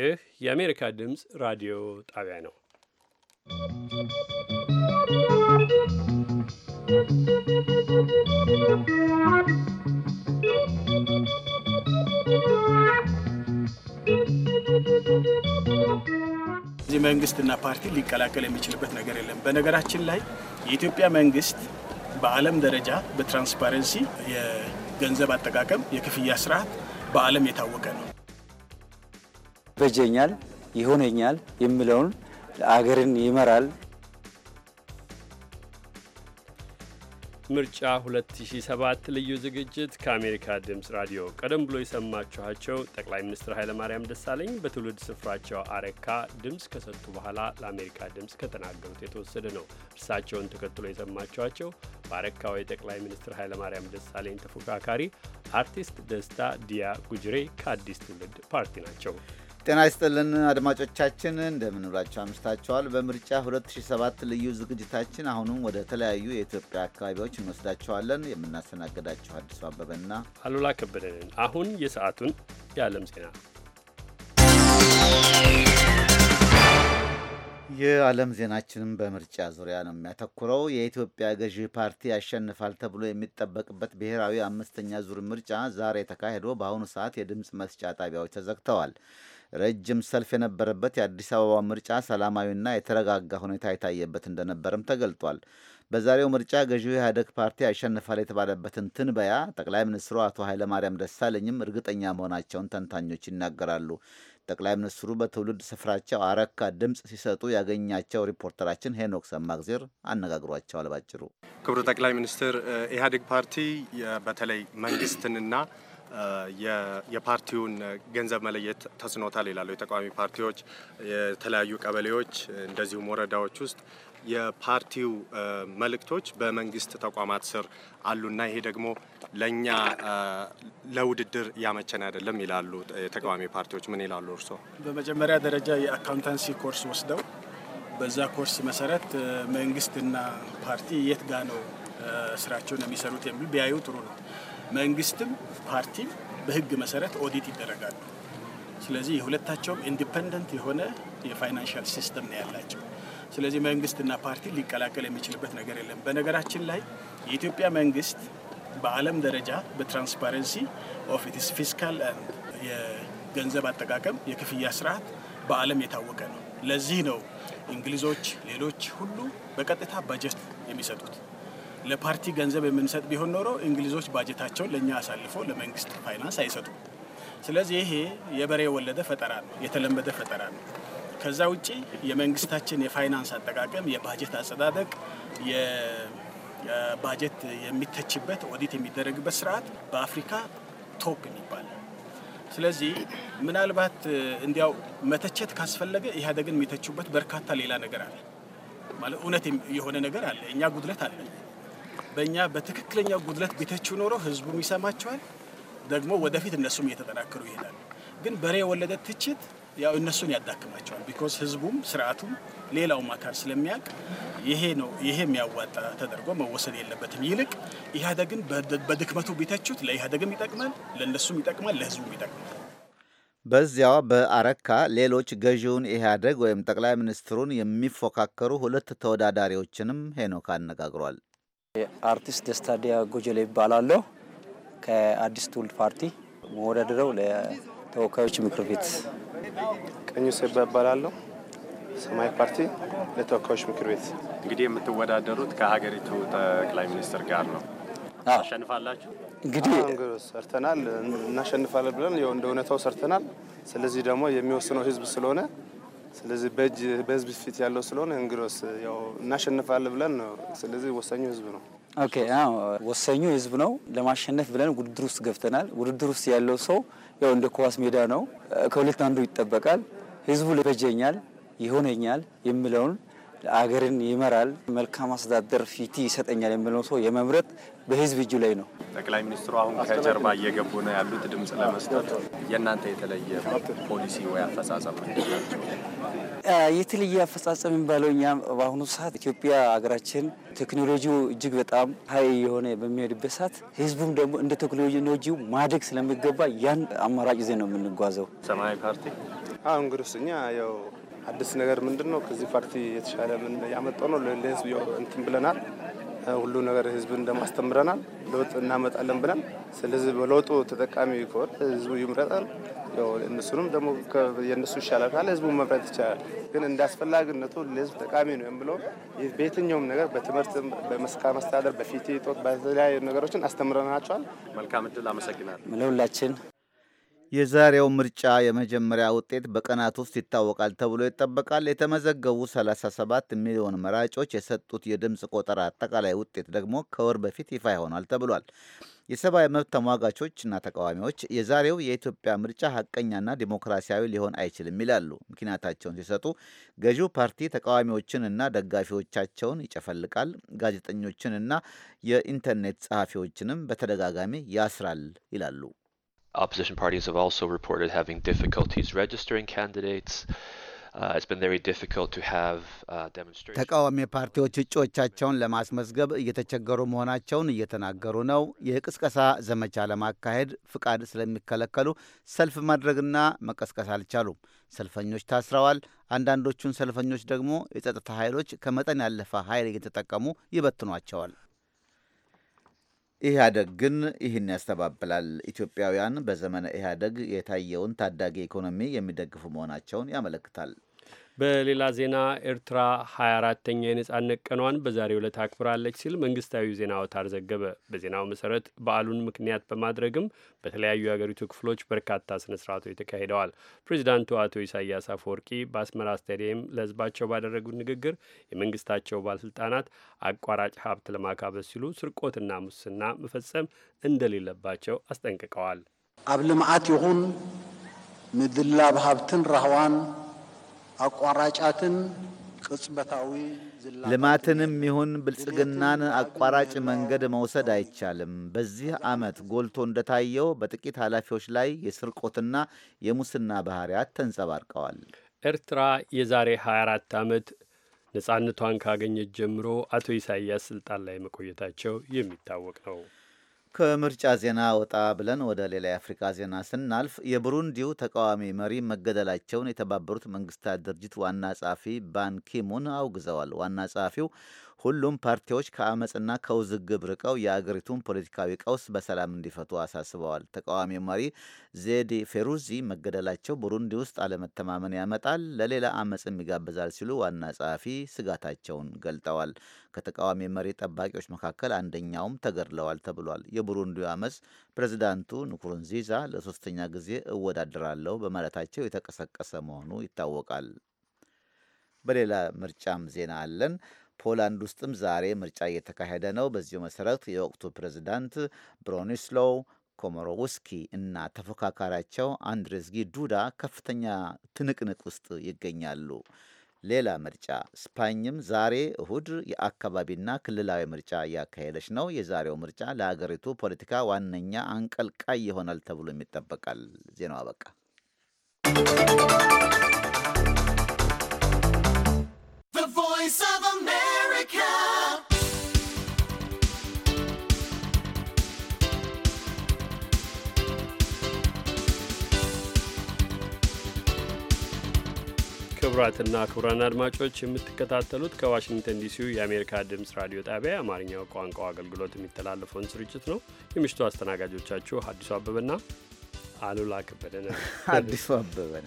ይህ የአሜሪካ ድምፅ ራዲዮ ጣቢያ ነው። እዚህ መንግስትና ፓርቲ ሊቀላቀል የሚችልበት ነገር የለም። በነገራችን ላይ የኢትዮጵያ መንግስት በዓለም ደረጃ በትራንስፓረንሲ የገንዘብ አጠቃቀም የክፍያ ስርዓት በዓለም የታወቀ ነው። በጀኛል ይሆነኛል የሚለውን አገርን ይመራል ምርጫ 2007 ልዩ ዝግጅት ከአሜሪካ ድምፅ ራዲዮ። ቀደም ብሎ የሰማችኋቸው ጠቅላይ ሚኒስትር ኃይለማርያም ደሳለኝ በትውልድ ስፍራቸው አረካ ድምፅ ከሰጡ በኋላ ለአሜሪካ ድምፅ ከተናገሩት የተወሰደ ነው። እርሳቸውን ተከትሎ የሰማችኋቸው በአረካው የጠቅላይ ሚኒስትር ኃይለማርያም ደሳለኝ ተፎካካሪ አርቲስት ደስታ ዲያ ጉጅሬ ከአዲስ ትውልድ ፓርቲ ናቸው። ጤና ይስጥልን አድማጮቻችን፣ እንደምንውላቸው አምሽታቸዋል። በምርጫ 2007 ልዩ ዝግጅታችን አሁንም ወደ ተለያዩ የኢትዮጵያ አካባቢዎች እንወስዳቸዋለን። የምናስተናግዳቸው አዲሱ አበበና አሉላ ከበደንን። አሁን የሰዓቱን የዓለም ዜና የዓለም ዜናችንም በምርጫ ዙሪያ ነው የሚያተኩረው። የኢትዮጵያ ገዢ ፓርቲ ያሸንፋል ተብሎ የሚጠበቅበት ብሔራዊ አምስተኛ ዙር ምርጫ ዛሬ ተካሂዶ በአሁኑ ሰዓት የድምፅ መስጫ ጣቢያዎች ተዘግተዋል። ረጅም ሰልፍ የነበረበት የአዲስ አበባ ምርጫ ሰላማዊና የተረጋጋ ሁኔታ የታየበት እንደነበርም ተገልጧል። በዛሬው ምርጫ ገዢው ኢህአደግ ፓርቲ ያሸንፋል የተባለበትን ትንበያ ጠቅላይ ሚኒስትሩ አቶ ኃይለማርያም ደሳለኝም እርግጠኛ መሆናቸውን ተንታኞች ይናገራሉ። ጠቅላይ ሚኒስትሩ በትውልድ ስፍራቸው አረካ ድምፅ ሲሰጡ ያገኛቸው ሪፖርተራችን ሄኖክ ሰማግዜር አነጋግሯቸዋል። ባጭሩ ክቡር ጠቅላይ ሚኒስትር ኢህአዴግ ፓርቲ በተለይ መንግስትንና የፓርቲውን ገንዘብ መለየት ተስኖታል ይላሉ። የተቃዋሚ ፓርቲዎች የተለያዩ ቀበሌዎች፣ እንደዚሁም ወረዳዎች ውስጥ የፓርቲው መልእክቶች በመንግስት ተቋማት ስር አሉና ይሄ ደግሞ ለእኛ ለውድድር ያመቸን አይደለም ይላሉ የተቃዋሚ ፓርቲዎች። ምን ይላሉ እርስዎ? በመጀመሪያ ደረጃ የአካውንታንሲ ኮርስ ወስደው በዛ ኮርስ መሰረት መንግስትና ፓርቲ የት ጋ ነው ስራቸውን የሚሰሩት የሚል ቢያዩ ጥሩ ነው። መንግስትም ፓርቲም በህግ መሰረት ኦዲት ይደረጋሉ። ስለዚህ የሁለታቸውም ኢንዲፐንደንት የሆነ የፋይናንሻል ሲስተም ነው ያላቸው። ስለዚህ መንግስትና ፓርቲ ሊቀላቀል የሚችልበት ነገር የለም። በነገራችን ላይ የኢትዮጵያ መንግስት በዓለም ደረጃ በትራንስፓረንሲ ኦፍ ኢትስ ፊስካል የገንዘብ አጠቃቀም የክፍያ ስርዓት በዓለም የታወቀ ነው። ለዚህ ነው እንግሊዞች፣ ሌሎች ሁሉ በቀጥታ በጀት የሚሰጡት። ለፓርቲ ገንዘብ የምንሰጥ ቢሆን ኖሮ እንግሊዞች ባጀታቸውን ለእኛ አሳልፎ ለመንግስት ፋይናንስ አይሰጡም። ስለዚህ ይሄ የበሬ የወለደ ፈጠራ ነው፣ የተለመደ ፈጠራ ነው። ከዛ ውጭ የመንግስታችን የፋይናንስ አጠቃቀም፣ የባጀት አጸዳደቅ፣ የባጀት የሚተችበት ኦዲት የሚደረግበት ስርዓት በአፍሪካ ቶፕ የሚባል ስለዚህ ምናልባት እንዲያው መተቸት ካስፈለገ ኢህአዴግን የሚተቹበት በርካታ ሌላ ነገር አለ ማለት እውነት የሆነ ነገር አለ። እኛ ጉድለት አለ። በእኛ በትክክለኛ ጉድለት ቤተችው ኖሮ ህዝቡም ይሰማቸዋል፣ ደግሞ ወደፊት እነሱም እየተጠናከሩ ይሄዳሉ። ግን በሬ የወለደ ትችት ያው እነሱን ያዳክማቸዋል። ቢኮዝ ህዝቡም ስርዓቱም ሌላውም አካል ስለሚያውቅ ይሄ ነው ይሄ የሚያዋጣ ተደርጎ መወሰድ የለበትም። ይልቅ ኢህአዴግን በድክመቱ ቢተቹት ለኢህአዴግም ይጠቅማል፣ ለእነሱም ይጠቅማል፣ ለህዝቡም ይጠቅማል። በዚያው በአረካ ሌሎች ገዢውን ኢህአዴግ ወይም ጠቅላይ ሚኒስትሩን የሚፎካከሩ ሁለት ተወዳዳሪዎችንም ሄኖክ አነጋግሯል። አርቲስት ደስታ ጎጀላ ይባላለሁ። ከአዲስ ትውልድ ፓርቲ መወዳደረው ለተወካዮች ምክር ቤት። ቀኙ ሰባ ይባላለሁ። ሰማያዊ ፓርቲ ለተወካዮች ምክር ቤት። እንግዲህ የምትወዳደሩት ከሀገሪቱ ጠቅላይ ሚኒስትር ጋር ነው። አሸንፋላችሁ? እንግዲህ ሰርተናል፣ እናሸንፋለን ብለን እንደ እውነታው ሰርተናል። ስለዚህ ደግሞ የሚወስነው ህዝብ ስለሆነ ስለዚህ በእጅ በህዝብ ፊት ያለው ስለሆነ እንግዲስ ያው እናሸንፋለን ብለን ነው። ስለዚህ ወሳኙ ህዝብ ነው። ኦኬ አዎ ወሳኙ ህዝብ ነው። ለማሸነፍ ብለን ውድድር ውስጥ ገብተናል። ውድድር ውስጥ ያለው ሰው ያው እንደ ኳስ ሜዳ ነው። ከሁለት አንዱ ይጠበቃል። ህዝቡ ልበጀኛል፣ ይሆነኛል የሚለውን አገርን ይመራል፣ መልካም አስተዳደር ፊት ይሰጠኛል የሚለውን ሰው የመምረጥ በህዝብ እጁ ላይ ነው። ጠቅላይ ሚኒስትሩ አሁን ከጀርባ እየገቡ ነው ያሉት ድምጽ ለመስጠት። የእናንተ የተለየ ፖሊሲ ወይ አፈጻጸም የተለየ አፈጻጸም የሚባለው እኛ በአሁኑ ሰዓት ኢትዮጵያ ሀገራችን ቴክኖሎጂው እጅግ በጣም ሀይ የሆነ በሚሄድበት ሰዓት ህዝቡም ደግሞ እንደ ቴክኖሎጂው ማደግ ስለሚገባ ያን አማራጭ ይዘን ነው የምንጓዘው። ሰማያዊ ፓርቲ አሁን እንግዲህ እኛ ያው አዲስ ነገር ምንድን ነው ከዚህ ፓርቲ የተሻለ ያመጣ ነው ለህዝብ እንትን ብለናል ሁሉ ነገር ህዝብን እንደማስተምረናል ለውጥ እናመጣለን ብለን ስለዚህ በለውጡ ተጠቃሚ ከሆነ ህዝቡ ይምረጣል። እነሱንም ደግሞ የእነሱ ይሻላል ካለ ህዝቡ መምረጥ ይቻላል። ግን እንደ አስፈላጊነቱ ለህዝብ ጠቃሚ ነው የምለው በየትኛውም ነገር በትምህርት፣ በመስካ መስተዳደር በፊት በተለያዩ ነገሮችን አስተምረናቸዋል። መልካም እድል። አመሰግናል ለሁላችን የዛሬው ምርጫ የመጀመሪያ ውጤት በቀናት ውስጥ ይታወቃል ተብሎ ይጠበቃል። የተመዘገቡ 37 ሚሊዮን መራጮች የሰጡት የድምፅ ቆጠራ አጠቃላይ ውጤት ደግሞ ከወር በፊት ይፋ ይሆናል ተብሏል። የሰብአዊ መብት ተሟጋቾችና ተቃዋሚዎች የዛሬው የኢትዮጵያ ምርጫ ሀቀኛና ዲሞክራሲያዊ ሊሆን አይችልም ይላሉ። ምክንያታቸውን ሲሰጡ ገዢው ፓርቲ ተቃዋሚዎችን እና ደጋፊዎቻቸውን ይጨፈልቃል፣ ጋዜጠኞችን እና የኢንተርኔት ጸሐፊዎችንም በተደጋጋሚ ያስራል ይላሉ። Opposition parties have also reported having difficulties registering candidates. Uh, uh, ተቃዋሚ ፓርቲዎች እጩዎቻቸውን ለማስመዝገብ እየተቸገሩ መሆናቸውን እየተናገሩ ነው። የቅስቀሳ ዘመቻ ለማካሄድ ፍቃድ ስለሚከለከሉ ሰልፍ ማድረግና መቀስቀስ አልቻሉም። ሰልፈኞች ታስረዋል። አንዳንዶቹን ሰልፈኞች ደግሞ የጸጥታ ኃይሎች ከመጠን ያለፈ ኃይል እየተጠቀሙ ይበትኗቸዋል። ኢህአደግ ግን ይህን ያስተባብላል። ኢትዮጵያውያን በዘመነ ኢህአደግ የታየውን ታዳጊ ኢኮኖሚ የሚደግፉ መሆናቸውን ያመለክታል። በሌላ ዜና ኤርትራ 24ተኛ የነጻነት ቀኗን በዛሬ ዕለት አክብራለች ሲል መንግስታዊ ዜና አውታር ዘገበ። በዜናው መሰረት በዓሉን ምክንያት በማድረግም በተለያዩ የአገሪቱ ክፍሎች በርካታ ስነ ስርዓቶች ተካሂደዋል። ፕሬዚዳንቱ አቶ ኢሳያስ አፈወርቂ በአስመራ ስታዲየም ለህዝባቸው ባደረጉት ንግግር የመንግስታቸው ባለስልጣናት አቋራጭ ሀብት ለማካበስ ሲሉ ስርቆትና ሙስና መፈጸም እንደሌለባቸው አስጠንቅቀዋል። አብ ልምዓት ይሁን ምድላብ ሀብትን ራህዋን አቋራጫትን ቅጽበታዊ ልማትንም ይሁን ብልጽግናን አቋራጭ መንገድ መውሰድ አይቻልም። በዚህ ዓመት ጎልቶ እንደታየው በጥቂት ኃላፊዎች ላይ የስርቆትና የሙስና ባህሪያት ተንጸባርቀዋል። ኤርትራ የዛሬ 24 ዓመት ነጻነቷን ካገኘች ጀምሮ አቶ ኢሳይያስ ስልጣን ላይ መቆየታቸው የሚታወቅ ነው። ከምርጫ ዜና ወጣ ብለን ወደ ሌላ የአፍሪካ ዜና ስናልፍ የቡሩንዲው ተቃዋሚ መሪ መገደላቸውን የተባበሩት መንግስታት ድርጅት ዋና ጸሐፊ ባንኪሙን አውግዘዋል። ዋና ጸሐፊው ሁሉም ፓርቲዎች ከአመፅና ከውዝግብ ርቀው የአገሪቱን ፖለቲካዊ ቀውስ በሰላም እንዲፈቱ አሳስበዋል። ተቃዋሚው መሪ ዜዲ ፌሩዚ መገደላቸው ቡሩንዲ ውስጥ አለመተማመን ያመጣል፣ ለሌላ አመፅም ይጋብዛል ሲሉ ዋና ጸሐፊ ስጋታቸውን ገልጠዋል። ከተቃዋሚ መሪ ጠባቂዎች መካከል አንደኛውም ተገድለዋል ተብሏል። የቡሩንዲው አመፅ ፕሬዚዳንቱ ንኩሩንዚዛ ለሶስተኛ ጊዜ እወዳደራለሁ በማለታቸው የተቀሰቀሰ መሆኑ ይታወቃል። በሌላ ምርጫም ዜና አለን። ፖላንድ ውስጥም ዛሬ ምርጫ እየተካሄደ ነው። በዚሁ መሰረት የወቅቱ ፕሬዚዳንት ብሮኒስሎው ኮሞሮውስኪ እና ተፎካካሪያቸው አንድሬዝጊ ዱዳ ከፍተኛ ትንቅንቅ ውስጥ ይገኛሉ። ሌላ ምርጫ ስፓኝም ዛሬ እሁድ የአካባቢና ክልላዊ ምርጫ እያካሄደች ነው። የዛሬው ምርጫ ለሀገሪቱ ፖለቲካ ዋነኛ አንቀልቃይ ይሆናል ተብሎ ይጠበቃል። ዜናው አበቃ። ክቡራትና ክቡራን አድማጮች የምትከታተሉት ከዋሽንግተን ዲሲው የአሜሪካ ድምፅ ራዲዮ ጣቢያ የአማርኛው ቋንቋ አገልግሎት የሚተላለፈውን ስርጭት ነው። የምሽቱ አስተናጋጆቻችሁ አዲሱ አበበና አሉላ ከበደ አዲሱ አበበነ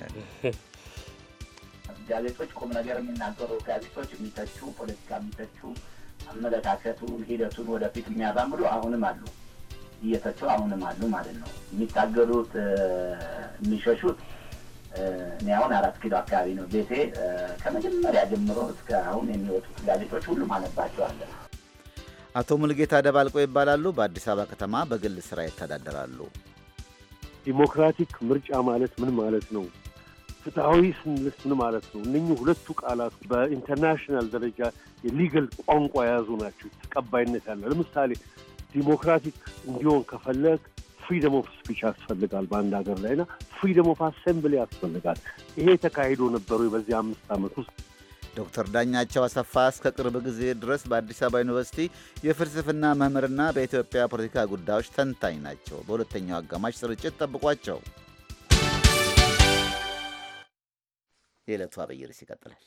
ጋዜጦች ቁም ነገር የሚናገሩ ጋዜጦች የሚተቹ ፖለቲካ የሚተቹ አመለካከቱን፣ ሂደቱን ወደፊት የሚያራምዱ አሁንም አሉ፣ እየተቹ አሁንም አሉ ማለት ነው። የሚታገሉት የሚሸሹት እኔ አሁን አራት ኪሎ አካባቢ ነው ቤቴ። ከመጀመሪያ ጀምሮ እስከ አሁን የሚወጡት ጋዜጦች ሁሉም አነባቸዋለሁ። አቶ ሙልጌታ ደባልቆ ይባላሉ። በአዲስ አበባ ከተማ በግል ስራ ይተዳደራሉ። ዲሞክራቲክ ምርጫ ማለት ምን ማለት ነው? ፍትሐዊ ስንልስ ምን ማለት ነው? እነኚህ ሁለቱ ቃላት በኢንተርናሽናል ደረጃ የሊገል ቋንቋ የያዙ ናቸው፣ ተቀባይነት ያለ ለምሳሌ ዲሞክራቲክ እንዲሆን ከፈለግ ፍሪደም ኦፍ ስፒች ያስፈልጋል በአንድ ሀገር ና ፍሪደም ኦፍ አሴምብሊ ያስፈልጋል። ይሄ ተካሂዶ ነበሩ በዚህ አምስት ዓመት ውስጥ። ዶክተር ዳኛቸው አሰፋ እስከ ቅርብ ጊዜ ድረስ በአዲስ አበባ ዩኒቨርሲቲ የፍልስፍና መምህርና በኢትዮጵያ ፖለቲካ ጉዳዮች ተንታኝ ናቸው። በሁለተኛው አጋማሽ ስርጭት ጠብቋቸው። የዕለቱ አብይ ርዕስ ይቀጥላል።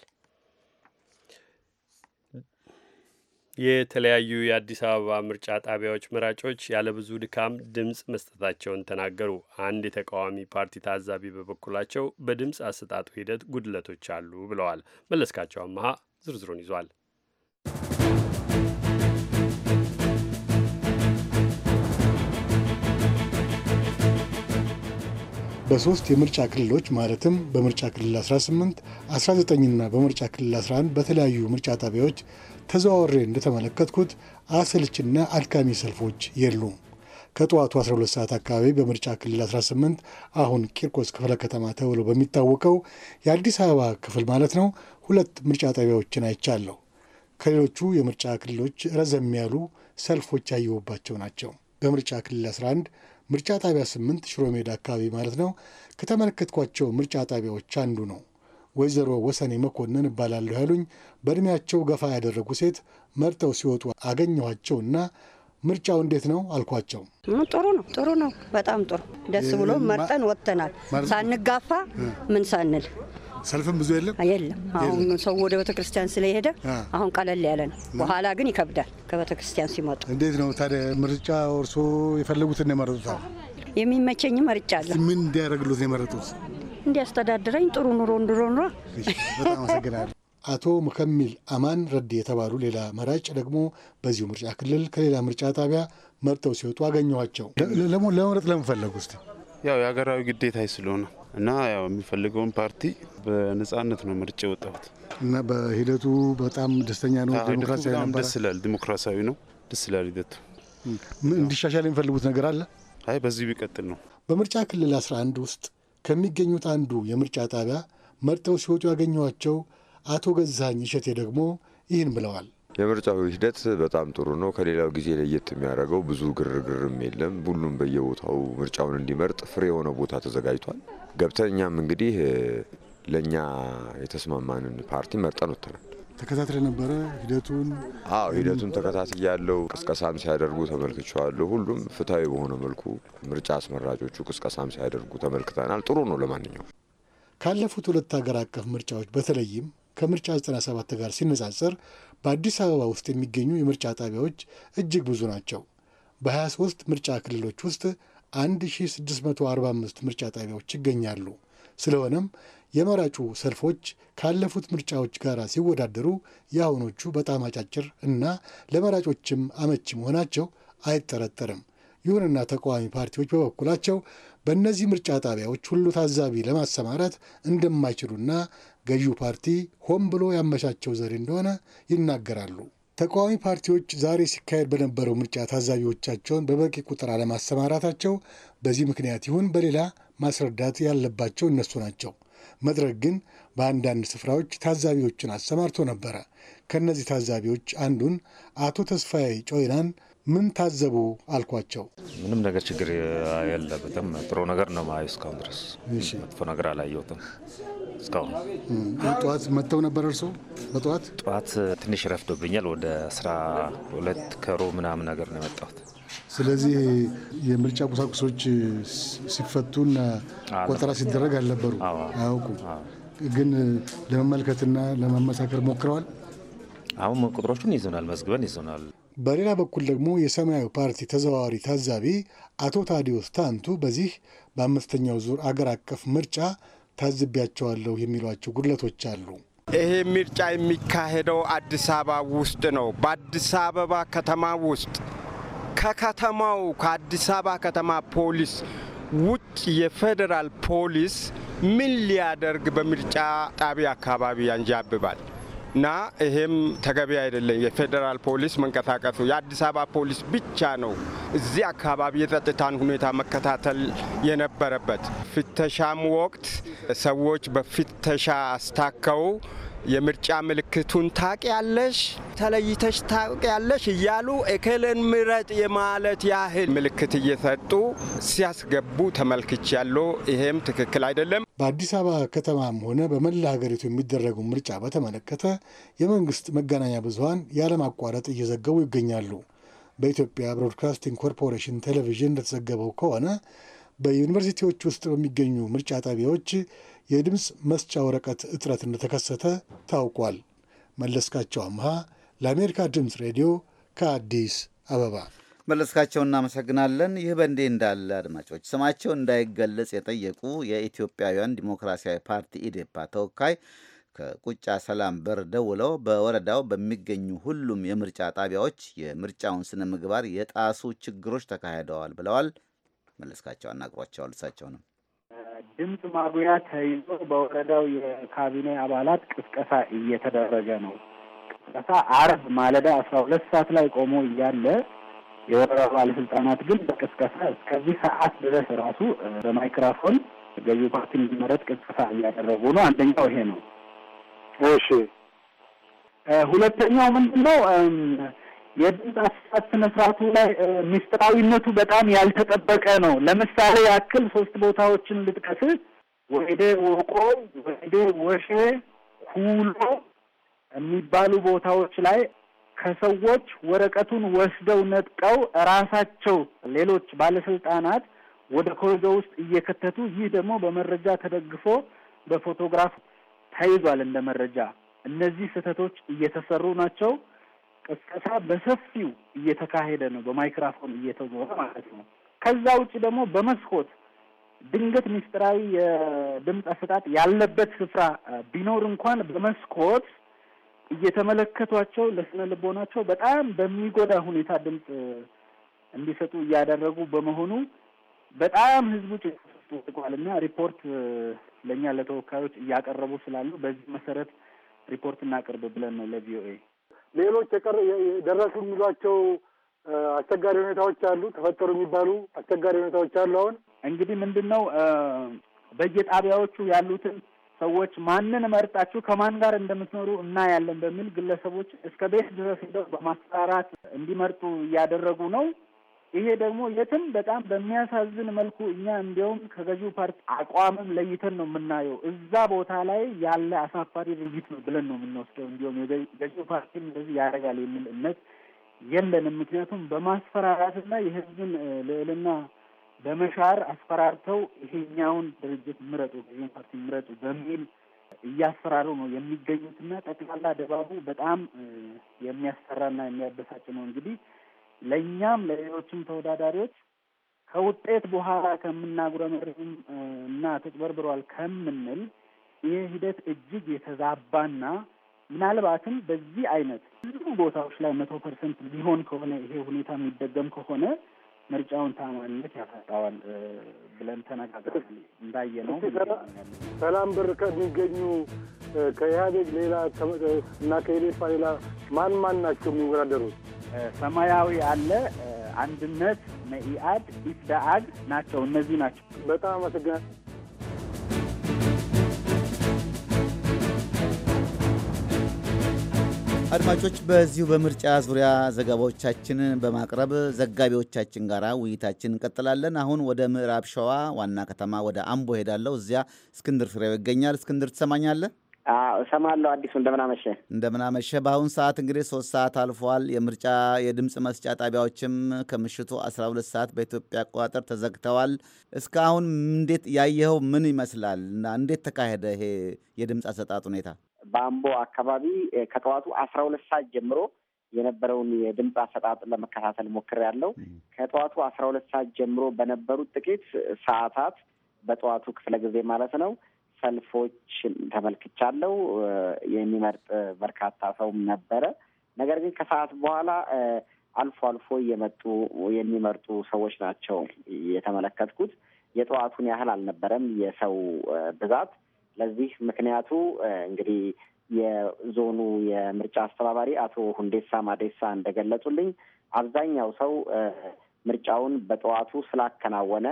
የተለያዩ የአዲስ አበባ ምርጫ ጣቢያዎች መራጮች ያለብዙ ድካም ድምፅ መስጠታቸውን ተናገሩ። አንድ የተቃዋሚ ፓርቲ ታዛቢ በበኩላቸው በድምፅ አሰጣጡ ሂደት ጉድለቶች አሉ ብለዋል። መለስካቸው አመሃ ዝርዝሩን ይዟል። በሶስት የምርጫ ክልሎች ማለትም በምርጫ ክልል 18፣ 19ና በምርጫ ክልል 11 በተለያዩ ምርጫ ጣቢያዎች ተዘዋወሬ እንደተመለከትኩት አሰልችና አድካሚ ሰልፎች የሉም። ከጠዋቱ 12 ሰዓት አካባቢ በምርጫ ክልል 18 አሁን ቂርቆስ ክፍለ ከተማ ተብሎ በሚታወቀው የአዲስ አበባ ክፍል ማለት ነው ሁለት ምርጫ ጣቢያዎችን አይቻለሁ። ከሌሎቹ የምርጫ ክልሎች ረዘም ያሉ ሰልፎች ያየሁባቸው ናቸው። በምርጫ ክልል 11 ምርጫ ጣቢያ 8 ሽሮ ሜዳ አካባቢ ማለት ነው ከተመለከትኳቸው ምርጫ ጣቢያዎች አንዱ ነው። ወይዘሮ ወሰኔ መኮንን እባላለሁ ያሉኝ በዕድሜያቸው ገፋ ያደረጉ ሴት መርጠው ሲወጡ እና ምርጫው እንዴት ነው አልኳቸው። ጥሩ ነው፣ ጥሩ ነው፣ በጣም ጥሩ ደስ ብሎ መርጠን ወጥተናል። ሳንጋፋ ምን ሳንል ሰልፍም ብዙ የለም የለም። አሁን ሰው ወደ ቤተክርስቲያን ስለሄደ አሁን ቀለል ያለ ነው። በኋላ ግን ይከብዳል ከቤተክርስቲያን ሲመጡ። እንዴት ነው ታዲያ ምርጫ? እርሶ የፈለጉትን የመረጡት? የሚመቸኝ መርጫ አለ። ምን እንዲያደርግሉት የመረጡት? እንዲያስተዳድረኝ ጥሩ ኑሮ ኑሮ። በጣም አመሰግናለሁ። አቶ ሙከሚል አማን ረድ የተባሉ ሌላ መራጭ ደግሞ በዚሁ ምርጫ ክልል ከሌላ ምርጫ ጣቢያ መርጠው ሲወጡ አገኘኋቸው። ለመምረጥ ለመፈለጉ ውስጥ ያው የሀገራዊ ግዴታ ስለሆነ እና ያው የሚፈልገውን ፓርቲ በነጻነት ነው ምርጫ የወጣሁት እና በሂደቱ በጣም ደስተኛ ነው። ዲሞክራሲያዊ ደስ ይላል። ዲሞክራሲያዊ ነው። ደስ ይላል ሂደቱ። እንዲሻሻል የሚፈልጉት ነገር አለ? አይ በዚህ ቢቀጥል ነው። በምርጫ ክልል 11 ውስጥ ከሚገኙት አንዱ የምርጫ ጣቢያ መርጠው ሲወጡ ያገኟቸው አቶ ገዛኝ እሸቴ ደግሞ ይህን ብለዋል። የምርጫው ሂደት በጣም ጥሩ ነው። ከሌላው ጊዜ ለየት የሚያደርገው ብዙ ግርግርም የለም። ሁሉም በየቦታው ምርጫውን እንዲመርጥ ፍሬ የሆነ ቦታ ተዘጋጅቷል። ገብተን እኛም እንግዲህ ለእኛ የተስማማንን ፓርቲ መርጠን ወጥተናል። ተከታትለ ነበረ ሂደቱን? አዎ ሂደቱን ተከታትል ያለው ቅስቀሳም ሲያደርጉ ተመልክቸዋለሁ። ሁሉም ፍትሐዊ በሆነ መልኩ ምርጫ አስመራጮቹ ቅስቀሳም ሲያደርጉ ተመልክተናል። ጥሩ ነው። ለማንኛውም ካለፉት ሁለት ሀገር አቀፍ ምርጫዎች በተለይም ከምርጫ 97 ጋር ሲነጻጸር በአዲስ አበባ ውስጥ የሚገኙ የምርጫ ጣቢያዎች እጅግ ብዙ ናቸው። በ23 ምርጫ ክልሎች ውስጥ 1645 ምርጫ ጣቢያዎች ይገኛሉ። ስለሆነም የመራጩ ሰልፎች ካለፉት ምርጫዎች ጋር ሲወዳደሩ የአሁኖቹ በጣም አጫጭር እና ለመራጮችም አመቺ መሆናቸው አይጠረጠርም። ይሁንና ተቃዋሚ ፓርቲዎች በበኩላቸው በእነዚህ ምርጫ ጣቢያዎች ሁሉ ታዛቢ ለማሰማራት እንደማይችሉና ገዢው ፓርቲ ሆን ብሎ ያመቻቸው ዘዴ እንደሆነ ይናገራሉ። ተቃዋሚ ፓርቲዎች ዛሬ ሲካሄድ በነበረው ምርጫ ታዛቢዎቻቸውን በበቂ ቁጥር አለማሰማራታቸው በዚህ ምክንያት ይሁን በሌላ ማስረዳት ያለባቸው እነሱ ናቸው። መድረክ ግን በአንዳንድ ስፍራዎች ታዛቢዎችን አሰማርቶ ነበረ። ከእነዚህ ታዛቢዎች አንዱን አቶ ተስፋዬ ጮይናን ምን ታዘቡ አልኳቸው። ምንም ነገር ችግር የለበትም፣ ጥሩ ነገር ነው ማየው። እስካሁን ድረስ መጥፎ ነገር አላየሁትም። እስካሁን ጠዋት መጥተው ነበር። እርሶ በጠዋት ጠዋት ትንሽ ረፍዶብኛል። ወደ አስራ ሁለት ከሮ ምናምን ነገር ነው የመጣሁት ስለዚህ የምርጫ ቁሳቁሶች ሲፈቱና ቆጠራ ሲደረግ አልነበሩ አያውቁ ግን ለመመልከትና ለመመሳከር ሞክረዋል። አሁን ቁጥሮቹን ይዞናል፣ መዝግበን ይዞናል። በሌላ በኩል ደግሞ የሰማያዊ ፓርቲ ተዘዋዋሪ ታዛቢ አቶ ታዲዮስ ታንቱ በዚህ በአምስተኛው ዙር አገር አቀፍ ምርጫ ታዝቢያቸዋለሁ የሚሏቸው ጉድለቶች አሉ። ይሄ ምርጫ የሚካሄደው አዲስ አበባ ውስጥ ነው። በአዲስ አበባ ከተማ ውስጥ ከከተማው ከአዲስ አበባ ከተማ ፖሊስ ውጭ የፌዴራል ፖሊስ ምን ሊያደርግ በምርጫ ጣቢያ አካባቢ ያንዣብባል እና ይሄም ተገቢ አይደለም። የፌዴራል ፖሊስ መንቀሳቀሱ የአዲስ አበባ ፖሊስ ብቻ ነው እዚህ አካባቢ የጸጥታን ሁኔታ መከታተል የነበረበት። ፍተሻም ወቅት ሰዎች በፍተሻ አስታከው የምርጫ ምልክቱን ታውቂያለሽ፣ ተለይተሽ ታውቂያለሽ እያሉ እክልን ምረጥ የማለት ያህል ምልክት እየሰጡ ሲያስገቡ ያለ። ይሄም ትክክል አይደለም። በአዲስ አበባ ከተማም ሆነ በመላ ሀገሪቱ የሚደረጉ ምርጫ በተመለከተ የመንግስት መገናኛ ብዙሀን ያለማቋረጥ እየዘገቡ ይገኛሉ። በኢትዮጵያ ብሮድካስቲንግ ኮርፖሬሽን ቴሌቪዥን እንደተዘገበው ከሆነ በዩኒቨርሲቲዎች ውስጥ በሚገኙ ምርጫ ጣቢያዎች የድምፅ መስጫ ወረቀት እጥረት እንደተከሰተ ታውቋል። መለስካቸው አምሃ ለአሜሪካ ድምፅ ሬዲዮ ከአዲስ አበባ። መለስካቸው እናመሰግናለን። ይህ በእንዲህ እንዳለ አድማጮች ስማቸው እንዳይገለጽ የጠየቁ የኢትዮጵያውያን ዲሞክራሲያዊ ፓርቲ ኢዴፓ ተወካይ ከቁጫ ሰላም በር ደውለው በወረዳው በሚገኙ ሁሉም የምርጫ ጣቢያዎች የምርጫውን ስነ ምግባር የጣሱ ችግሮች ተካሂደዋል ብለዋል። መለስካቸው አናግሯቸዋል። እሳቸው ነው ድምፅ ማጉያ ተይዞ በወረዳው የካቢኔ አባላት ቅስቀሳ እየተደረገ ነው። ቅስቀሳ አርብ ማለዳ አስራ ሁለት ሰዓት ላይ ቆሞ እያለ የወረዳው ባለስልጣናት ግን በቅስቀሳ እስከዚህ ሰዓት ድረስ ራሱ በማይክራፎን ገዢ ፓርቲ እንዲመረጥ ቅስቀሳ እያደረጉ ነው። አንደኛው ይሄ ነው። እሺ፣ ሁለተኛው ምንድን ነው? የድምፅ አሰጣጥ ስነስርዓቱ ላይ ሚስጥራዊነቱ በጣም ያልተጠበቀ ነው። ለምሳሌ ያክል ሶስት ቦታዎችን ልጥቀስ። ወይዴ ወቆ፣ ወይዴ ወሼ፣ ሁሎ የሚባሉ ቦታዎች ላይ ከሰዎች ወረቀቱን ወስደው ነጥቀው ራሳቸው ሌሎች ባለስልጣናት ወደ ኮሪዶ ውስጥ እየከተቱ ይህ ደግሞ በመረጃ ተደግፎ በፎቶግራፍ ተይዟል እንደ መረጃ። እነዚህ ስህተቶች እየተሰሩ ናቸው። ቅስቀሳ በሰፊው እየተካሄደ ነው፣ በማይክራፎን እየተዞረ ማለት ነው። ከዛ ውጭ ደግሞ በመስኮት ድንገት ሚስጥራዊ የድምፅ አሰጣጥ ያለበት ስፍራ ቢኖር እንኳን በመስኮት እየተመለከቷቸው ለስነ ልቦናቸው በጣም በሚጎዳ ሁኔታ ድምፅ እንዲሰጡ እያደረጉ በመሆኑ በጣም ህዝቡ ጭቋል እና ሪፖርት ለእኛ ለተወካዮች እያቀረቡ ስላሉ በዚህ መሰረት ሪፖርት እናቅርብ ብለን ነው ለቪኦኤ ሌሎች የደረሱ የሚሏቸው አስቸጋሪ ሁኔታዎች አሉ፣ ተፈጠሩ የሚባሉ አስቸጋሪ ሁኔታዎች አሉ። አሁን እንግዲህ ምንድን ነው በየጣቢያዎቹ ያሉትን ሰዎች ማንን መርጣችሁ ከማን ጋር እንደምትኖሩ እናያለን በሚል ግለሰቦች እስከ ቤት ድረስ ሄደው በማስፈራራት እንዲመርጡ እያደረጉ ነው። ይሄ ደግሞ የትም በጣም በሚያሳዝን መልኩ እኛ እንዲያውም ከገዢው ፓርቲ አቋምም ለይተን ነው የምናየው። እዛ ቦታ ላይ ያለ አሳፋሪ ድርጊት ነው ብለን ነው የምንወስደው። እንዲሁም የገዢው ፓርቲም እንደዚህ ያደርጋል የሚል እምነት የለንም። ምክንያቱም በማስፈራራትና የህዝብን ልዕልና በመሻር አስፈራርተው ይሄኛውን ድርጅት ምረጡ፣ ገዢውን ፓርቲ ምረጡ በሚል እያስፈራሩ ነው የሚገኙትና ጠቅላላ ድባቡ በጣም የሚያስፈራና የሚያበሳጭ ነው እንግዲህ ለእኛም ለሌሎችም ተወዳዳሪዎች ከውጤት በኋላ ከምናጉረመርም እና ተጭበርብሯል ከምንል ይህ ሂደት እጅግ የተዛባና ምናልባትም በዚህ አይነት ብዙ ቦታዎች ላይ መቶ ፐርሰንት ሊሆን ከሆነ ይሄ ሁኔታ የሚደገም ከሆነ ምርጫውን ታማኝነት ያፈጣዋል ብለን ተነጋግረናል። እንዳየ ነው ሰላም ብር ከሚገኙ ከኢህአዴግ ሌላ እና ከኢዴፓ ሌላ ማን ማን ናቸው የሚወዳደሩት? ሰማያዊ አለ፣ አንድነት፣ መኢአድ፣ ኢፍዳአድ ናቸው። እነዚህ ናቸው። በጣም አመሰግናለሁ። አድማጮች በዚሁ በምርጫ ዙሪያ ዘገባዎቻችን በማቅረብ ዘጋቢዎቻችን ጋር ውይይታችን እንቀጥላለን። አሁን ወደ ምዕራብ ሸዋ ዋና ከተማ ወደ አምቦ ሄዳለሁ። እዚያ እስክንድር ፍሬው ይገኛል። እስክንድር ትሰማኛለህ? እሰማለሁ። አዲሱ እንደምናመሸ እንደምናመሸ። በአሁን ሰዓት እንግዲህ ሶስት ሰዓት አልፏል። የምርጫ የድምፅ መስጫ ጣቢያዎችም ከምሽቱ አስራ ሁለት ሰዓት በኢትዮጵያ አቆጣጠር ተዘግተዋል። እስካሁን እንዴት ያየኸው ምን ይመስላል እና እንዴት ተካሄደ ይሄ የድምፅ አሰጣጥ ሁኔታ? በአምቦ አካባቢ ከጠዋቱ አስራ ሁለት ሰዓት ጀምሮ የነበረውን የድምፅ አሰጣጥ ለመከታተል ሞክር ያለው ከጠዋቱ አስራ ሁለት ሰዓት ጀምሮ በነበሩት ጥቂት ሰዓታት በጠዋቱ ክፍለ ጊዜ ማለት ነው ሰልፎች ተመልክቻለሁ። የሚመርጥ በርካታ ሰውም ነበረ። ነገር ግን ከሰዓት በኋላ አልፎ አልፎ እየመጡ የሚመርጡ ሰዎች ናቸው የተመለከትኩት። የጠዋቱን ያህል አልነበረም የሰው ብዛት። ለዚህ ምክንያቱ እንግዲህ የዞኑ የምርጫ አስተባባሪ አቶ ሁንዴሳ ማዴሳ እንደገለጹልኝ አብዛኛው ሰው ምርጫውን በጠዋቱ ስላከናወነ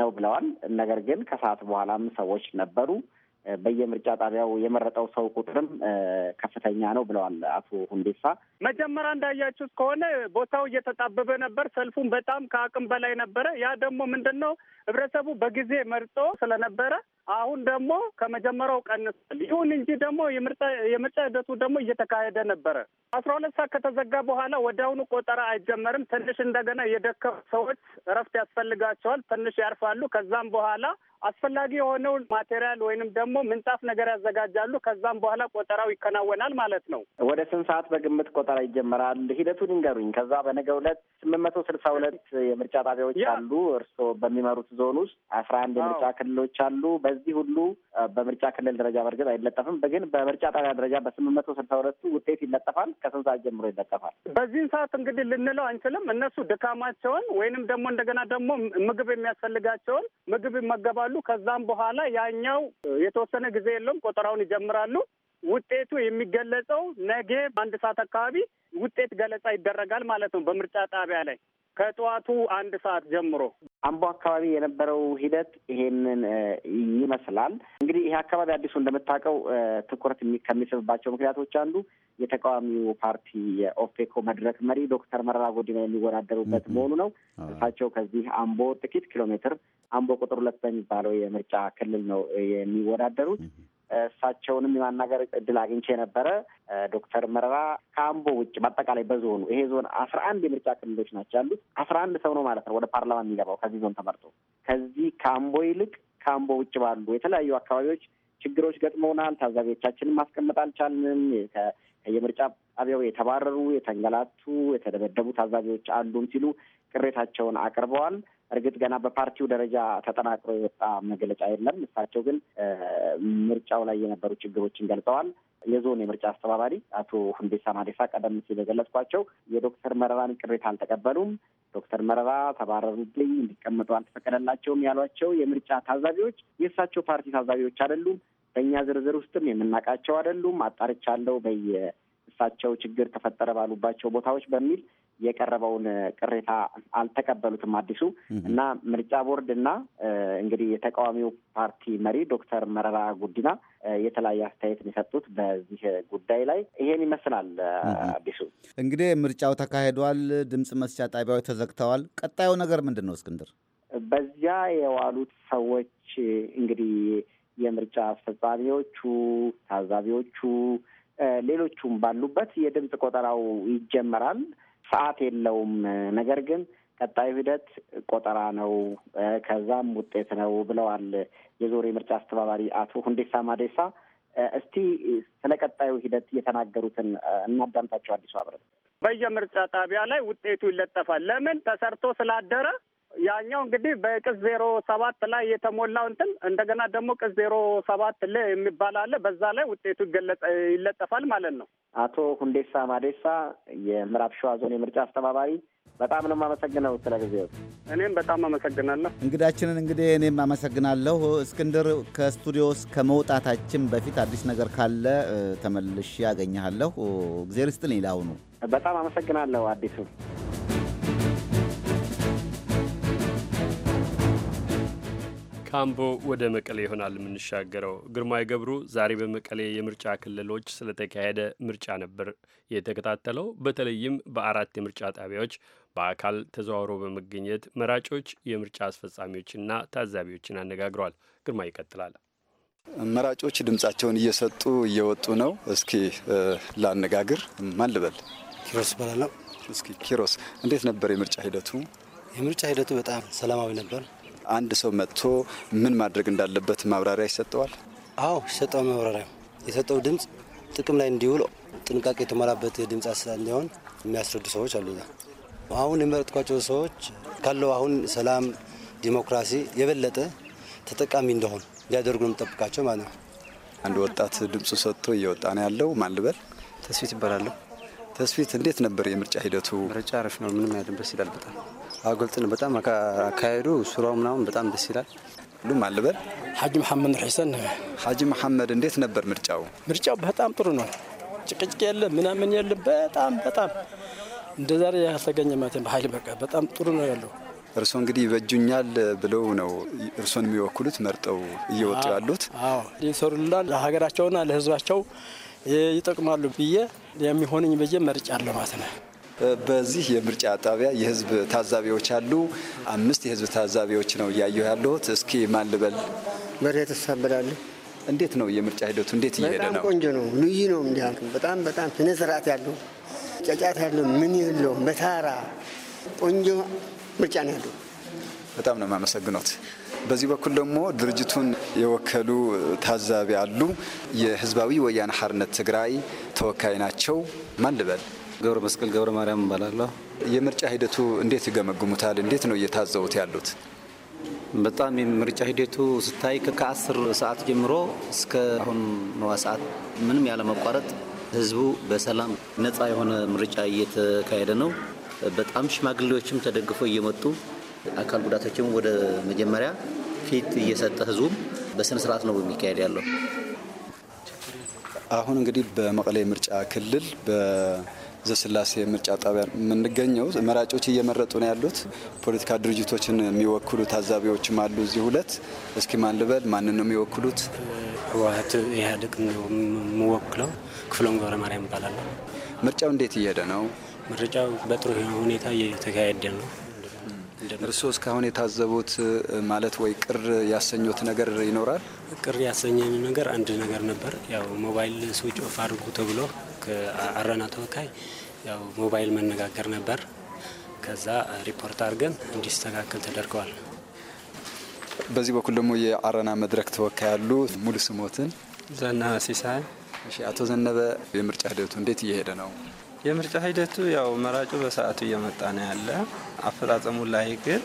ነው ብለዋል። ነገር ግን ከሰዓት በኋላም ሰዎች ነበሩ። በየምርጫ ጣቢያው የመረጠው ሰው ቁጥርም ከፍተኛ ነው ብለዋል አቶ ሁንዴሳ። መጀመሪያ እንዳያችሁት ከሆነ ቦታው እየተጣበበ ነበር። ሰልፉን በጣም ከአቅም በላይ ነበረ። ያ ደግሞ ምንድን ነው ህብረተሰቡ በጊዜ መርጦ ስለነበረ አሁን ደግሞ ከመጀመሪያው ቀንሷል። ይሁን እንጂ ደግሞ የምርጫ ሂደቱ ደግሞ እየተካሄደ ነበረ። አስራ ሁለት ሰዓት ከተዘጋ በኋላ ወዲያውኑ ቆጠራ አይጀመርም። ትንሽ እንደገና የደከሙ ሰዎች እረፍት ያስፈልጋቸዋል። ትንሽ ያርፋሉ። ከዛም በኋላ አስፈላጊ የሆነውን ማቴሪያል ወይንም ደግሞ ምንጣፍ ነገር ያዘጋጃሉ። ከዛም በኋላ ቆጠራው ይከናወናል ማለት ነው። ወደ ስንት ሰዓት በግምት ቆጠራ ይጀመራል? ሂደቱን ይንገሩኝ። ከዛ በነገ ሁለት ስምንት መቶ ስልሳ ሁለት የምርጫ ጣቢያዎች አሉ። እርስዎ በሚመሩት ዞን ውስጥ አስራ አንድ የምርጫ ክልሎች አሉ። በዚህ ሁሉ በምርጫ ክልል ደረጃ በእርግጥ አይለጠፍም፣ ግን በምርጫ ጣቢያ ደረጃ በስምንት መቶ ስልሳ ሁለቱ ውጤት ይለጠፋል። ከስንት ሰዓት ጀምሮ ይለጠፋል? በዚህን ሰዓት እንግዲህ ልንለው አንችልም። እነሱ ድካማቸውን ወይንም ደግሞ እንደገና ደግሞ ምግብ የሚያስፈልጋቸውን ምግብ ይመገባል ያወጣዋሉ። ከዛም በኋላ ያኛው የተወሰነ ጊዜ የለውም ቆጠራውን ይጀምራሉ። ውጤቱ የሚገለጸው ነገ አንድ ሰዓት አካባቢ ውጤት ገለጻ ይደረጋል ማለት ነው በምርጫ ጣቢያ ላይ ከጠዋቱ አንድ ሰዓት ጀምሮ አምቦ አካባቢ የነበረው ሂደት ይሄንን ይመስላል። እንግዲህ ይሄ አካባቢ አዲሱ እንደምታውቀው ትኩረት ከሚስብባቸው ምክንያቶች አንዱ የተቃዋሚው ፓርቲ የኦፌኮ መድረክ መሪ ዶክተር መረራ ጉዲና የሚወዳደሩበት መሆኑ ነው። እሳቸው ከዚህ አምቦ ጥቂት ኪሎ ሜትር አምቦ ቁጥር ሁለት በሚባለው የምርጫ ክልል ነው የሚወዳደሩት። እሳቸውንም የማናገር እድል አግኝቼ ነበረ። ዶክተር መረራ ከአምቦ ውጭ በአጠቃላይ በዞኑ ይሄ ዞን አስራ አንድ የምርጫ ክልሎች ናቸው ያሉት። አስራ አንድ ሰው ነው ማለት ነው ወደ ፓርላማ የሚገባው ከዚህ ዞን ተመርጦ። ከዚህ ከአምቦ ይልቅ ከአምቦ ውጭ ባሉ የተለያዩ አካባቢዎች ችግሮች ገጥመውናል። ታዛቢዎቻችንን ማስቀመጥ አልቻልንም። የምርጫ ጣቢያው የተባረሩ፣ የተንገላቱ፣ የተደበደቡ ታዛቢዎች አሉም ሲሉ ቅሬታቸውን አቅርበዋል። እርግጥ ገና በፓርቲው ደረጃ ተጠናክሮ የወጣ መግለጫ የለም። እሳቸው ግን ምርጫው ላይ የነበሩ ችግሮችን ገልጸዋል። የዞን የምርጫ አስተባባሪ አቶ ሁንዴሳ ማዴሳ ቀደም ሲል የገለጽኳቸው የዶክተር መረራን ቅሬታ አልተቀበሉም። ዶክተር መረራ ተባረሩብኝ፣ እንዲቀመጡ አልተፈቀደላቸውም ያሏቸው የምርጫ ታዛቢዎች የእሳቸው ፓርቲ ታዛቢዎች አይደሉም። በእኛ ዝርዝር ውስጥም የምናውቃቸው አይደሉም። አጣርቻለሁ በየ እሳቸው ችግር ተፈጠረ ባሉባቸው ቦታዎች በሚል የቀረበውን ቅሬታ አልተቀበሉትም። አዲሱ እና ምርጫ ቦርድ እና እንግዲህ የተቃዋሚው ፓርቲ መሪ ዶክተር መረራ ጉዲና የተለያየ አስተያየት የሰጡት በዚህ ጉዳይ ላይ ይሄን ይመስላል። አዲሱ እንግዲህ ምርጫው ተካሂዷል። ድምፅ መስጫ ጣቢያዎች ተዘግተዋል። ቀጣዩ ነገር ምንድን ነው እስክንድር? በዚያ የዋሉት ሰዎች እንግዲህ የምርጫ አስፈጻሚዎቹ፣ ታዛቢዎቹ፣ ሌሎቹም ባሉበት የድምፅ ቆጠራው ይጀመራል። ሰዓት የለውም። ነገር ግን ቀጣዩ ሂደት ቆጠራ ነው፣ ከዛም ውጤት ነው ብለዋል የዞሬ የምርጫ አስተባባሪ አቶ ሁንዴሳ ማዴሳ። እስቲ ስለ ቀጣዩ ሂደት የተናገሩትን እናዳምጣቸው። አዲሱ አብረት በየምርጫ ጣቢያ ላይ ውጤቱ ይለጠፋል። ለምን ተሰርቶ ስላደረ ያኛው እንግዲህ በቅጽ ዜሮ ሰባት ላይ የተሞላው እንትን እንደገና ደግሞ ቅጽ ዜሮ ሰባት ል የሚባል አለ። በዛ ላይ ውጤቱ ይለጠፋል ማለት ነው። አቶ ሁንዴሳ ማዴሳ የምዕራብ ሸዋ ዞን የምርጫ አስተባባሪ፣ በጣም ነው የማመሰግነው ስለ ጊዜው። እኔም በጣም አመሰግናለሁ እንግዳችንን። እንግዲህ እኔም አመሰግናለሁ እስክንድር። ከስቱዲዮ ውስጥ ከመውጣታችን በፊት አዲስ ነገር ካለ ተመልሼ ያገኘሃለሁ። እግዜር ይስጥልኝ። ለአሁኑ በጣም አመሰግናለሁ አዲሱ ከአምቦ ወደ መቀሌ ይሆናል የምንሻገረው። ግርማይ ገብሩ ዛሬ በመቀሌ የምርጫ ክልሎች ስለተካሄደ ምርጫ ነበር የተከታተለው። በተለይም በአራት የምርጫ ጣቢያዎች በአካል ተዘዋውሮ በመገኘት መራጮች፣ የምርጫ አስፈጻሚዎችና ታዛቢዎችን አነጋግሯል። ግርማ ይቀጥላል። መራጮች ድምጻቸውን እየሰጡ እየወጡ ነው። እስኪ ላነጋግር። ማን ልበል? ኪሮስ እባላለሁ። እስኪ ኪሮስ፣ እንዴት ነበር የምርጫ ሂደቱ? የምርጫ ሂደቱ በጣም ሰላማዊ ነበር። አንድ ሰው መጥቶ ምን ማድረግ እንዳለበት ማብራሪያ ይሰጠዋል? አዎ ይሰጠው። ማብራሪያ የሰጠው ድምፅ ጥቅም ላይ እንዲውል ጥንቃቄ የተሞላበት ድምፅ አሰጣጥ እንዲሆን የሚያስረዱ ሰዎች አሉ። አሁን የመረጥኳቸው ሰዎች ካለው አሁን ሰላም፣ ዲሞክራሲ የበለጠ ተጠቃሚ እንደሆን ሊያደርጉ ነው የምጠብቃቸው ማለት ነው። አንድ ወጣት ድምፁ ሰጥቶ እየወጣ ነው ያለው። ማን ልበል? ተስፊት ይባላለሁ። ተስፊት፣ እንዴት ነበር የምርጫ ሂደቱ? ምርጫ አሪፍ ነው። ምንም ያድንበት ይላል በጣም አገልጥ በጣም አካሄዱ ስራው ምናምን በጣም ደስ ይላል። ሁሉም አልበል ሐጂ መሐመድ ሒሰን ሐጂ መሐመድ እንዴት ነበር ምርጫው? ምርጫው በጣም ጥሩ ነው። ጭቅጭቅ የለም ምናምን የለም። በጣም በጣም እንደዛሬ ያልተገኘ ማለት በሀይል በቃ በጣም ጥሩ ነው ያለው። እርስዎ እንግዲህ ይበጁኛል ብለው ነው እርስዎን የሚወክሉት መርጠው እየወጡ ያሉት። ይሰሩልናል፣ ለሀገራቸውና ለህዝባቸው ይጠቅማሉ ብዬ የሚሆንኝ ብዬ መርጫለሁ ማለት ነው። በዚህ የምርጫ ጣቢያ የህዝብ ታዛቢዎች አሉ። አምስት የህዝብ ታዛቢዎች ነው እያየሁ ያለሁት። እስኪ ማን ልበል? በሬ እንዴት ነው የምርጫ ሂደቱ? እንዴት እየሄደ ነው? ቆንጆ ነው። ልዩ ነው። እንዲያውም በጣም በጣም ስነ ስርዓት ያለው ጫጫት ያለው ምን የለው በታራ ቆንጆ ምርጫ ነው ያለው። በጣም ነው የማመሰግኖት። በዚህ በኩል ደግሞ ድርጅቱን የወከሉ ታዛቢ አሉ። የህዝባዊ ወያነ ሓርነት ትግራይ ተወካይ ናቸው። ማን ልበል? ገብረ መስቀል ገብረ ማርያም እባላለሁ። የምርጫ ሂደቱ እንዴት ይገመግሙታል? እንዴት ነው እየታዘቡት ያሉት? በጣም የምርጫ ሂደቱ ስታይ ከአስር ሰዓት ጀምሮ እስከ አሁን ነዋ ሰዓት ምንም ያለመቋረጥ ህዝቡ በሰላም ነፃ የሆነ ምርጫ እየተካሄደ ነው። በጣም ሽማግሌዎችም ተደግፎ እየመጡ አካል ጉዳቶችም ወደ መጀመሪያ ፊት እየሰጠ ህዝቡም በስነ ስርዓት ነው የሚካሄድ ያለው። አሁን እንግዲህ በመቀሌ ምርጫ ክልል ዘስላሴ ምርጫ ጣቢያ የምንገኘው። መራጮች እየመረጡ ነው ያሉት። ፖለቲካ ድርጅቶችን የሚወክሉ ታዛቢዎችም አሉ። እዚህ ሁለት እስኪ ማን ልበል፣ ማንን ነው የሚወክሉት? ህወሀት ኢህአዴግ የምወክለው ክፍሎም ገብረ ማርያም ይባላል። ምርጫው እንዴት እየሄደ ነው? ምርጫው በጥሩ ሁኔታ እየተካሄደ ነው። እርስዎ እስካሁን የታዘቡት ማለት ወይ ቅር ያሰኙት ነገር ይኖራል? ቅር ያሰኘን ነገር አንድ ነገር ነበር። ያው ሞባይል ስዊች ኦፍ አድርጉ ተብሎ ከአረና ተወካይ ያው ሞባይል መነጋገር ነበር። ከዛ ሪፖርት አድርገን እንዲስተካከል ተደርገዋል። በዚህ በኩል ደግሞ የአረና መድረክ ተወካይ ያሉ ሙሉ ስሞትን ዘነበ ሲሳይ። እሺ አቶ ዘነበ የምርጫ ሂደቱ እንዴት እየሄደ ነው? የምርጫ ሂደቱ ያው መራጩ በሰዓቱ እየመጣ ነው ያለ። አፈጻጸሙ ላይ ግን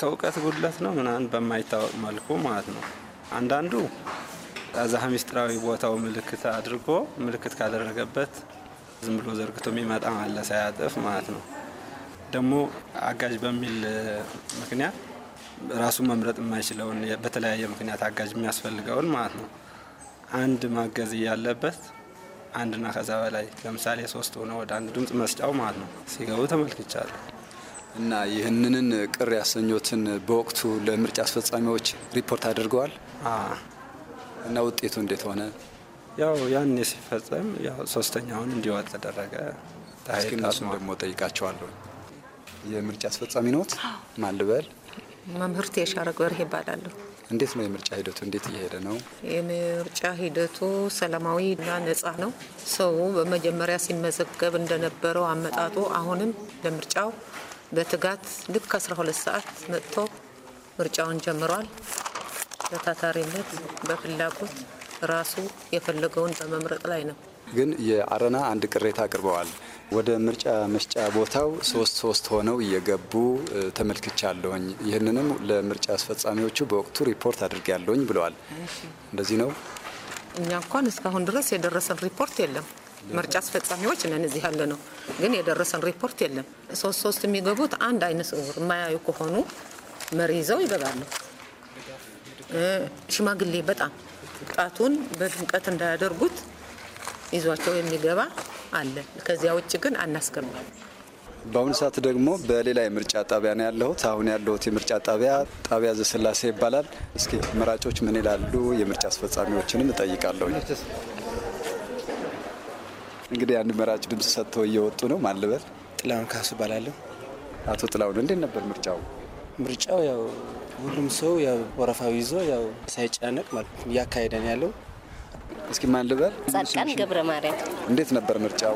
ከእውቀት ጉድለት ነው ምናምን በማይታወቅ መልኩ ማለት ነው። አንዳንዱ ዛህ ሚስጥራዊ ቦታው ምልክት አድርጎ ምልክት ካደረገበት ዝም ብሎ ዘርግቶ የሚመጣ አለ ሳያጥፍ ማለት ነው። ደግሞ አጋዥ በሚል ምክንያት ራሱን መምረጥ የማይችለውን በተለያየ ምክንያት አጋዥ የሚያስፈልገውን ማለት ነው። አንድ ማገዝ ያለበት አንድና ከዛ በላይ ለምሳሌ ሶስት ሆነ ወደ አንድ ድምፅ መስጫው ማለት ነው ሲገቡ ተመልክቻለሁ። እና ይህንንን ቅር ያሰኞትን በወቅቱ ለምርጫ አስፈጻሚዎች ሪፖርት አድርገዋል እና ውጤቱ እንዴት ሆነ? ያው ያን ሲፈጸም ያው ሶስተኛውን እንዲወጥ ተደረገ። ታይታሱን ደግሞ ጠይቃቸዋለሁ። የምርጫ አስፈጻሚ ነዎት? ማን ልበል? መምህርት የሻረግ በርህ ይባላለሁ። እንዴት ነው የምርጫ ሂደቱ? እንዴት እየሄደ ነው? የምርጫ ሂደቱ ሰላማዊ እና ነጻ ነው። ሰው በመጀመሪያ ሲመዘገብ እንደነበረው አመጣጡ አሁንም ለምርጫው በትጋት ልክ 12 ሰዓት መጥቶ ምርጫውን ጀምሯል። በታታሪነት በፍላጎት ራሱ የፈለገውን በመምረጥ ላይ ነው። ግን የአረና አንድ ቅሬታ አቅርበዋል። ወደ ምርጫ መስጫ ቦታው ሶስት ሶስት ሆነው እየገቡ ተመልክቻለሁኝ። ይህንንም ለምርጫ አስፈጻሚዎቹ በወቅቱ ሪፖርት አድርጌያለሁኝ ብለዋል። እንደዚህ ነው። እኛ እንኳን እስካሁን ድረስ የደረሰን ሪፖርት የለም። ምርጫ አስፈጻሚዎች ነን እዚህ ያለ ነው። ግን የደረሰን ሪፖርት የለም። ሶስት ሶስት የሚገቡት አንድ አይነ ስውር የማያዩ ከሆኑ መሪ ይዘው ይገባሉ። ሽማግሌ በጣም ጣቱን በድምቀት እንዳያደርጉት ይዟቸው የሚገባ አለ። ከዚያ ውጭ ግን አናስገባም። በአሁኑ ሰዓት ደግሞ በሌላ የምርጫ ጣቢያ ነው ያለሁት። አሁን ያለሁት የምርጫ ጣቢያ ጣቢያ ዘስላሴ ይባላል። እስኪ መራጮች ምን ይላሉ? የምርጫ አስፈጻሚዎችንም እጠይቃለሁ። እንግዲህ አንድ መራጭ ድምፅ ሰጥተው እየወጡ ነው። ማን ልበል? ጥላሁን ካሱ እባላለሁ። አቶ ጥላሁን እንዴት ነበር ምርጫው? ምርጫው ያው ሁሉም ሰው ያው ወረፋው ይዞ ያው ሳይጨናነቅ ማለት እያካሄደን ያለው። እስኪ ማን ልበል? ጻድቃን ገብረ ማርያም። እንዴት ነበር ምርጫው?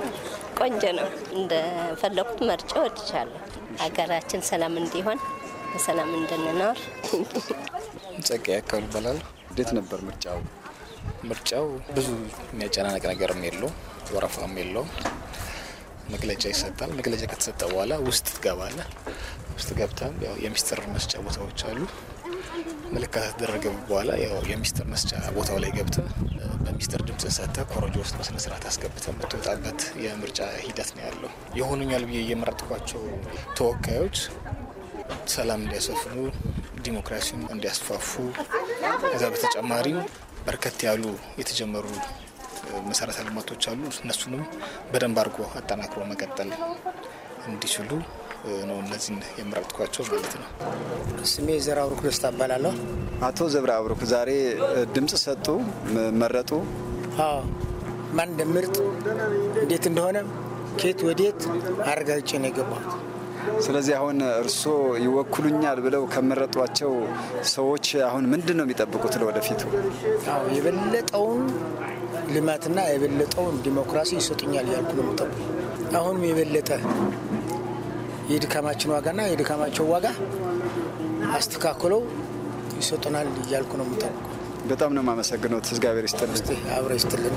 ቆንጆ ነው። እንደፈለኩት መርጬ ወድቻለሁ። ሀገራችን ሰላም እንዲሆን በሰላም እንድንኖር። ጸጋ ያካሉ ይባላል። እንዴት ነበር ምርጫው? ምርጫው ብዙ የሚያጨናነቅ ነገርም የለው፣ ወረፋም የለው። መግለጫ ይሰጣል። መግለጫ ከተሰጠ በኋላ ውስጥ ትገባለህ። ውስጥ ገብተን ያው የሚስጥር መስጫ ቦታዎች አሉ። ምልክት ከተደረገ በኋላ ያው የሚስጥር መስጫ ቦታው ላይ ገብተን በሚስጥር ድምፅ ሰጥተ ኮረጆ ውስጥ በስነ ስርዓት አስገብተህ የምትወጣበት የምርጫ ሂደት ነው ያለው። የሆኑኛል ብዬ እየመረጥኳቸው ተወካዮች ሰላም እንዲያሰፍኑ፣ ዲሞክራሲን እንዲያስፋፉ ከዛ በተጨማሪም በርከት ያሉ የተጀመሩ መሰረተ ልማቶች አሉ። እነሱንም በደንብ አድርጎ አጠናክሮ መቀጠል እንዲችሉ ነው እነዚህን የመረጥኳቸው ማለት ነው። ስሜ ዘራ ብሩክ ደስታ እባላለሁ። አቶ ዘብራ አብሩክ ዛሬ ድምፅ ሰጡ መረጡ። ማን እንደምርጥ እንዴት እንደሆነ ከየት ወዴት አረጋግጬ ነው የገባሁት። ስለዚህ አሁን እርስዎ ይወክሉኛል ብለው ከመረጧቸው ሰዎች አሁን ምንድን ነው የሚጠብቁት ለወደፊቱ? አዎ የበለጠውን ልማትና የበለጠውን ዲሞክራሲ ይሰጡኛል ያልኩ ነው የምጠብቁ አሁንም የበለጠ የድካማችን ዋጋና የድካማቸው ዋጋ አስተካክለው ይሰጡናል እያልኩ ነው የምጠብቀው። በጣም ነው የማመሰግነው። እግዚአብሔር ይስጥልን። አብረ ይስጥልን።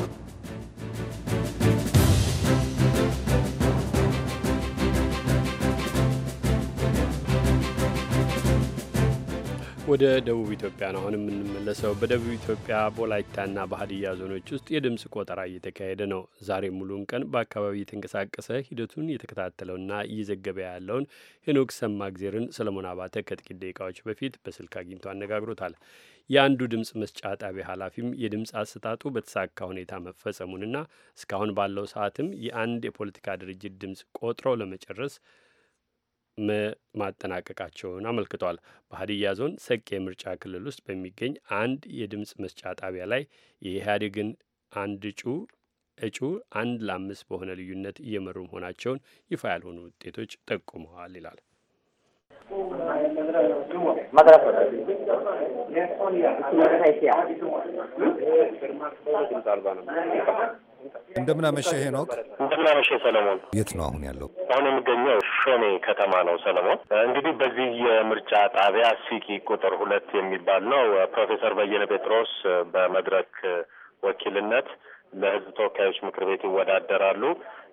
ወደ ደቡብ ኢትዮጵያ ነው አሁን የምንመለሰው። በደቡብ ኢትዮጵያ በወላይታና በሀዲያ ዞኖች ውስጥ የድምፅ ቆጠራ እየተካሄደ ነው። ዛሬ ሙሉን ቀን በአካባቢው የተንቀሳቀሰ ሂደቱን የተከታተለውና እየዘገበ ያለውን ሄኖክ ሰማግዜርን ሰለሞን አባተ ከጥቂት ደቂቃዎች በፊት በስልክ አግኝቶ አነጋግሮታል። የአንዱ ድምፅ መስጫ ጣቢያ ኃላፊም የድምፅ አሰጣጡ በተሳካ ሁኔታ መፈጸሙንና እስካሁን ባለው ሰዓትም የአንድ የፖለቲካ ድርጅት ድምፅ ቆጥሮ ለመጨረስ ማጠናቀቃቸውን አመልክቷል። በሀዲያ ዞን ሰቄ ምርጫ ክልል ውስጥ በሚገኝ አንድ የድምፅ መስጫ ጣቢያ ላይ የኢህአዴግን አንድ እጩ እጩ አንድ ለአምስት በሆነ ልዩነት እየመሩ መሆናቸውን ይፋ ያልሆኑ ውጤቶች ጠቁመዋል ይላል። እንደምናመሸ ሄኖክ። እንደምናመሸ ሰለሞን። የት ነው አሁን ያለው? አሁን የሚገኘው ሾኔ ከተማ ነው ሰለሞን። እንግዲህ በዚህ የምርጫ ጣቢያ ሲኪ ቁጥር ሁለት የሚባል ነው ፕሮፌሰር በየነ ጴጥሮስ በመድረክ ወኪልነት ለህዝብ ተወካዮች ምክር ቤት ይወዳደራሉ።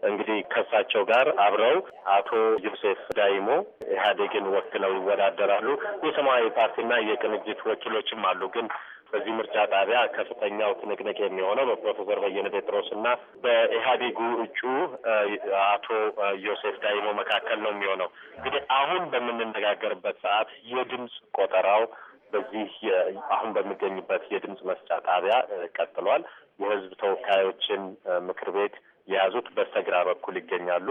እንግዲህ ከእሳቸው ጋር አብረው አቶ ዮሴፍ ዳይሞ ኢህአዴግን ወክለው ይወዳደራሉ። የሰማያዊ ፓርቲና የቅንጅት ወኪሎችም አሉ። ግን በዚህ ምርጫ ጣቢያ ከፍተኛው ትንቅንቅ የሚሆነው በፕሮፌሰር በየነ ጴጥሮስ እና በኢህአዴጉ እጩ አቶ ዮሴፍ ዳይሞ መካከል ነው የሚሆነው። እንግዲህ አሁን በምንነጋገርበት ሰዓት የድምፅ ቆጠራው በዚህ አሁን በሚገኝበት የድምፅ መስጫ ጣቢያ ቀጥሏል። የህዝብ ተወካዮችን ምክር ቤት የያዙት በስተግራ በኩል ይገኛሉ።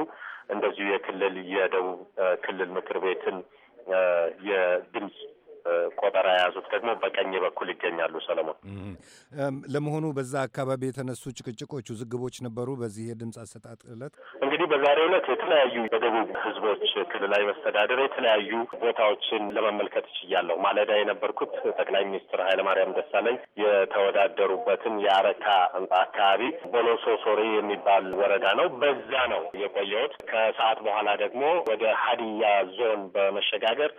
እንደዚሁ የክልል የደቡብ ክልል ምክር ቤትን የድምፅ ቆጠራ የያዙት ደግሞ በቀኝ በኩል ይገኛሉ። ሰለሞን፣ ለመሆኑ በዛ አካባቢ የተነሱ ጭቅጭቆች፣ ውዝግቦች ነበሩ? በዚህ የድምፅ አሰጣጥ ዕለት እንግዲህ በዛሬው ዕለት የተለያዩ በደቡብ ህዝቦች ክልላዊ መስተዳደር የተለያዩ ቦታዎችን ለመመልከት እችያለሁ። ማለዳ የነበርኩት ጠቅላይ ሚኒስትር ኃይለማርያም ደሳለኝ የተወዳደሩበትን የአረካ አካባቢ ቦሎሶ የሚባል ወረዳ ነው። በዛ ነው የቆየሁት። ከሰዓት በኋላ ደግሞ ወደ ሀዲያ ዞን በመሸጋገር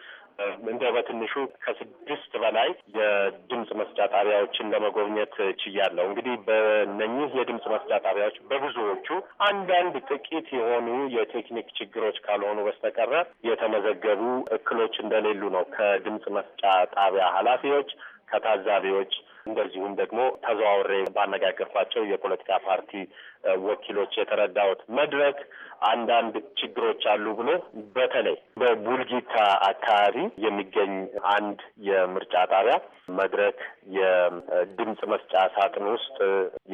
እንደ በትንሹ ከስድስት በላይ የድምፅ መስጫ ጣቢያዎችን ለመጎብኘት ችያለሁ። እንግዲህ በነኚህ የድምፅ መስጫ ጣቢያዎች በብዙዎቹ አንዳንድ ጥቂት የሆኑ የቴክኒክ ችግሮች ካልሆኑ በስተቀረ የተመዘገቡ እክሎች እንደሌሉ ነው ከድምፅ መስጫ ጣቢያ ኃላፊዎች ከታዛቢዎች እንደዚሁም ደግሞ ተዘዋውሬ ባነጋገርኳቸው የፖለቲካ ፓርቲ ወኪሎች የተረዳሁት መድረክ አንዳንድ ችግሮች አሉ ብሎ በተለይ በቡልጊታ አካባቢ የሚገኝ አንድ የምርጫ ጣቢያ መድረክ የድምፅ መስጫ ሳጥን ውስጥ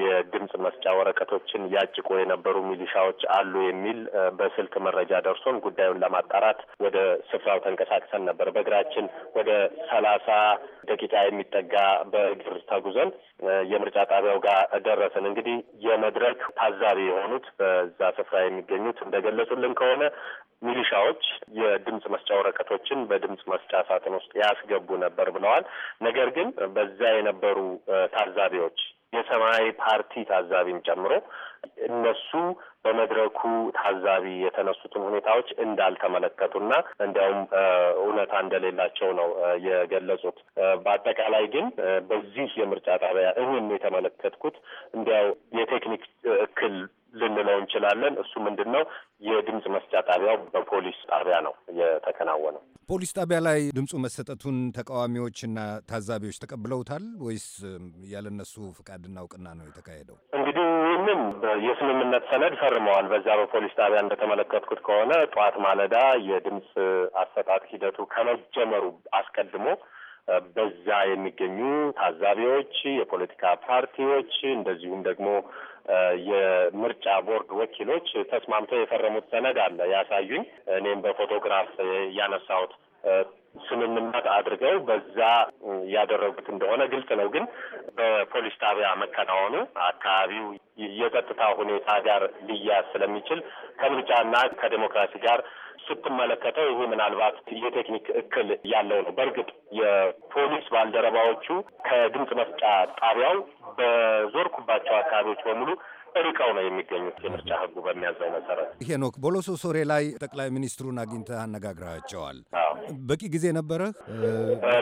የድምፅ መስጫ ወረቀቶችን ያጭቆ የነበሩ ሚሊሻዎች አሉ የሚል በስልክ መረጃ ደርሶን ጉዳዩን ለማጣራት ወደ ስፍራው ተንቀሳቅሰን ነበር። በእግራችን ወደ ሰላሳ ደቂቃ የሚጠጋ በእግር ተጉዘን የምርጫ ጣቢያው ጋር ደረስን። እንግዲህ የመድረክ ታዛቢ የሆኑት በዛ ስፍራ የሚገኙት እንደገለጹልን ከሆነ ሚሊሻዎች የድምፅ መስጫ ወረቀቶችን በድምፅ መስጫ ሳጥን ውስጥ ያስገቡ ነበር ብለዋል። ነገር ግን በዛ የነበሩ ታዛቢዎች የሰማያዊ ፓርቲ ታዛቢም ጨምሮ እነሱ በመድረኩ ታዛቢ የተነሱትን ሁኔታዎች እንዳልተመለከቱና እንዲያውም እውነታ እንደሌላቸው ነው የገለጹት። በአጠቃላይ ግን በዚህ የምርጫ ጣቢያ እኔም የተመለከትኩት እንዲያው የቴክኒክ እክል ልንለው እንችላለን። እሱ ምንድን ነው? የድምፅ መስጫ ጣቢያው በፖሊስ ጣቢያ ነው የተከናወነው። ፖሊስ ጣቢያ ላይ ድምፁ መሰጠቱን ተቃዋሚዎችና ታዛቢዎች ተቀብለውታል ወይስ ያለነሱ ፍቃድና እውቅና ነው የተካሄደው? እንግዲህ ይህንን የስምምነት ሰነድ ፈርመዋል። በዛ በፖሊስ ጣቢያ እንደተመለከትኩት ከሆነ ጠዋት ማለዳ የድምፅ አሰጣጥ ሂደቱ ከመጀመሩ አስቀድሞ በዛ የሚገኙ ታዛቢዎች፣ የፖለቲካ ፓርቲዎች እንደዚሁም ደግሞ የምርጫ ቦርድ ወኪሎች ተስማምተው የፈረሙት ሰነድ አለ ያሳዩኝ። እኔም በፎቶግራፍ ያነሳሁት ስምምነት አድርገው በዛ ያደረጉት እንደሆነ ግልጽ ነው። ግን በፖሊስ ጣቢያ መከናወኑ አካባቢው የጸጥታ ሁኔታ ጋር ሊያዝ ስለሚችል ከምርጫና ከዴሞክራሲ ጋር ስትመለከተው ይሄ ምናልባት የቴክኒክ እክል ያለው ነው። በእርግጥ የፖሊስ ባልደረባዎቹ ከድምፅ መስጫ ጣቢያው በዞርኩባቸው አካባቢዎች በሙሉ ርቀው ነው የሚገኙት የምርጫ ህጉ በሚያዘው መሰረት። ሄኖክ ቦሎሶ ሶሬ ላይ ጠቅላይ ሚኒስትሩን አግኝተህ አነጋግራቸዋል በቂ ጊዜ ነበረ።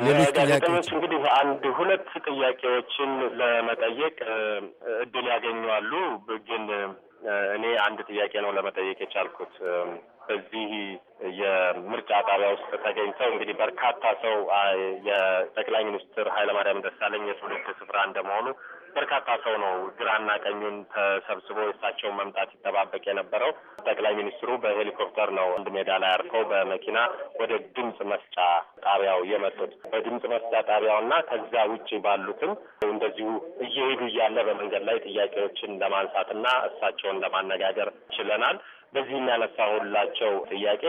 ሌሎች ጥያቄዎች እንግዲህ አንድ ሁለት ጥያቄዎችን ለመጠየቅ እድል ያገኛሉ ግን እኔ አንድ ጥያቄ ነው ለመጠየቅ የቻልኩት። በዚህ የምርጫ ጣቢያ ውስጥ ተገኝተው እንግዲህ በርካታ ሰው የጠቅላይ ሚኒስትር ኃይለማርያም ደሳለኝ የትውልድ ስፍራ እንደመሆኑ በርካታ ሰው ነው ግራና ቀኙን ተሰብስቦ የእሳቸውን መምጣት ይጠባበቅ የነበረው። ጠቅላይ ሚኒስትሩ በሄሊኮፕተር ነው አንድ ሜዳ ላይ አርፈው በመኪና ወደ ድምፅ መስጫ ጣቢያው የመጡት። በድምፅ መስጫ ጣቢያውና ከዛ ውጭ ባሉትም እንደዚሁ እየሄዱ እያለ በመንገድ ላይ ጥያቄዎችን ለማንሳትና እሳቸውን ለማነጋገር ችለናል። በዚህ የሚያነሳሁላቸው ጥያቄ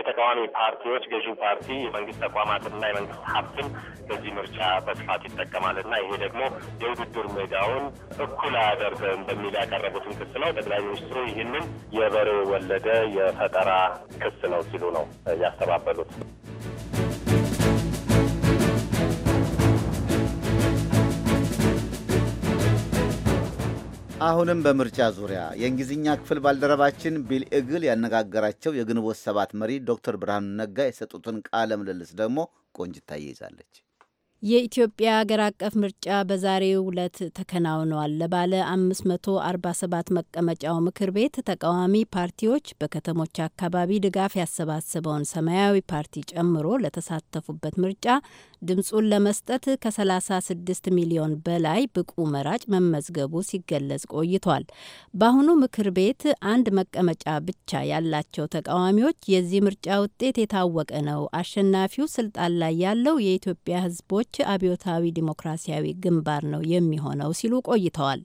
የተቃዋሚ ፓርቲዎች ገዢ ፓርቲ የመንግስት ተቋማትና የመንግስት ሀብትን በዚህ ምርጫ በስፋት ይጠቀማል እና ይሄ ደግሞ የውድድር ሜዳውን እኩል አያደርግም በሚል ያቀረቡትን ክስ ነው። ጠቅላይ ሚኒስትሩ ይህንን የበሬ ወለደ የፈጠራ ክስ ነው ሲሉ ነው ያስተባበሉት። አሁንም በምርጫ ዙሪያ የእንግሊዝኛ ክፍል ባልደረባችን ቢል እግል ያነጋገራቸው የግንቦት ሰባት መሪ ዶክተር ብርሃኑ ነጋ የሰጡትን ቃለ ምልልስ ደግሞ ቆንጅታ ይይዛለች። የኢትዮጵያ ሀገር አቀፍ ምርጫ በዛሬው ዕለት ተከናውኗል። ለባለ 547 መቀመጫው ምክር ቤት ተቃዋሚ ፓርቲዎች በከተሞች አካባቢ ድጋፍ ያሰባሰበውን ሰማያዊ ፓርቲ ጨምሮ ለተሳተፉበት ምርጫ ድምፁን ለመስጠት ከ36 ሚሊዮን በላይ ብቁ መራጭ መመዝገቡ ሲገለጽ ቆይቷል። በአሁኑ ምክር ቤት አንድ መቀመጫ ብቻ ያላቸው ተቃዋሚዎች የዚህ ምርጫ ውጤት የታወቀ ነው፣ አሸናፊው ስልጣን ላይ ያለው የኢትዮጵያ ሕዝቦች ተወካዮች አብዮታዊ ዲሞክራሲያዊ ግንባር ነው የሚሆነው ሲሉ ቆይተዋል።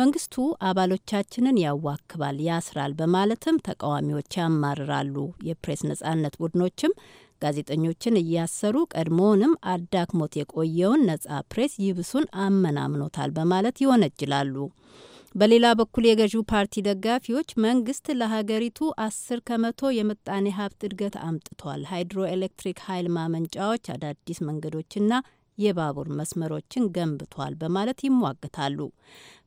መንግስቱ አባሎቻችንን ያዋክባል፣ ያስራል በማለትም ተቃዋሚዎች ያማርራሉ። የፕሬስ ነጻነት ቡድኖችም ጋዜጠኞችን እያሰሩ ቀድሞውንም አዳክሞት የቆየውን ነጻ ፕሬስ ይብሱን አመናምኖታል በማለት ይወነጅላሉ። በሌላ በኩል የገዢው ፓርቲ ደጋፊዎች መንግስት ለሀገሪቱ አስር ከመቶ የምጣኔ ሀብት እድገት አምጥቷል፣ ሃይድሮ ኤሌክትሪክ ኃይል ማመንጫዎች፣ አዳዲስ መንገዶችና የባቡር መስመሮችን ገንብቷል በማለት ይሟግታሉ።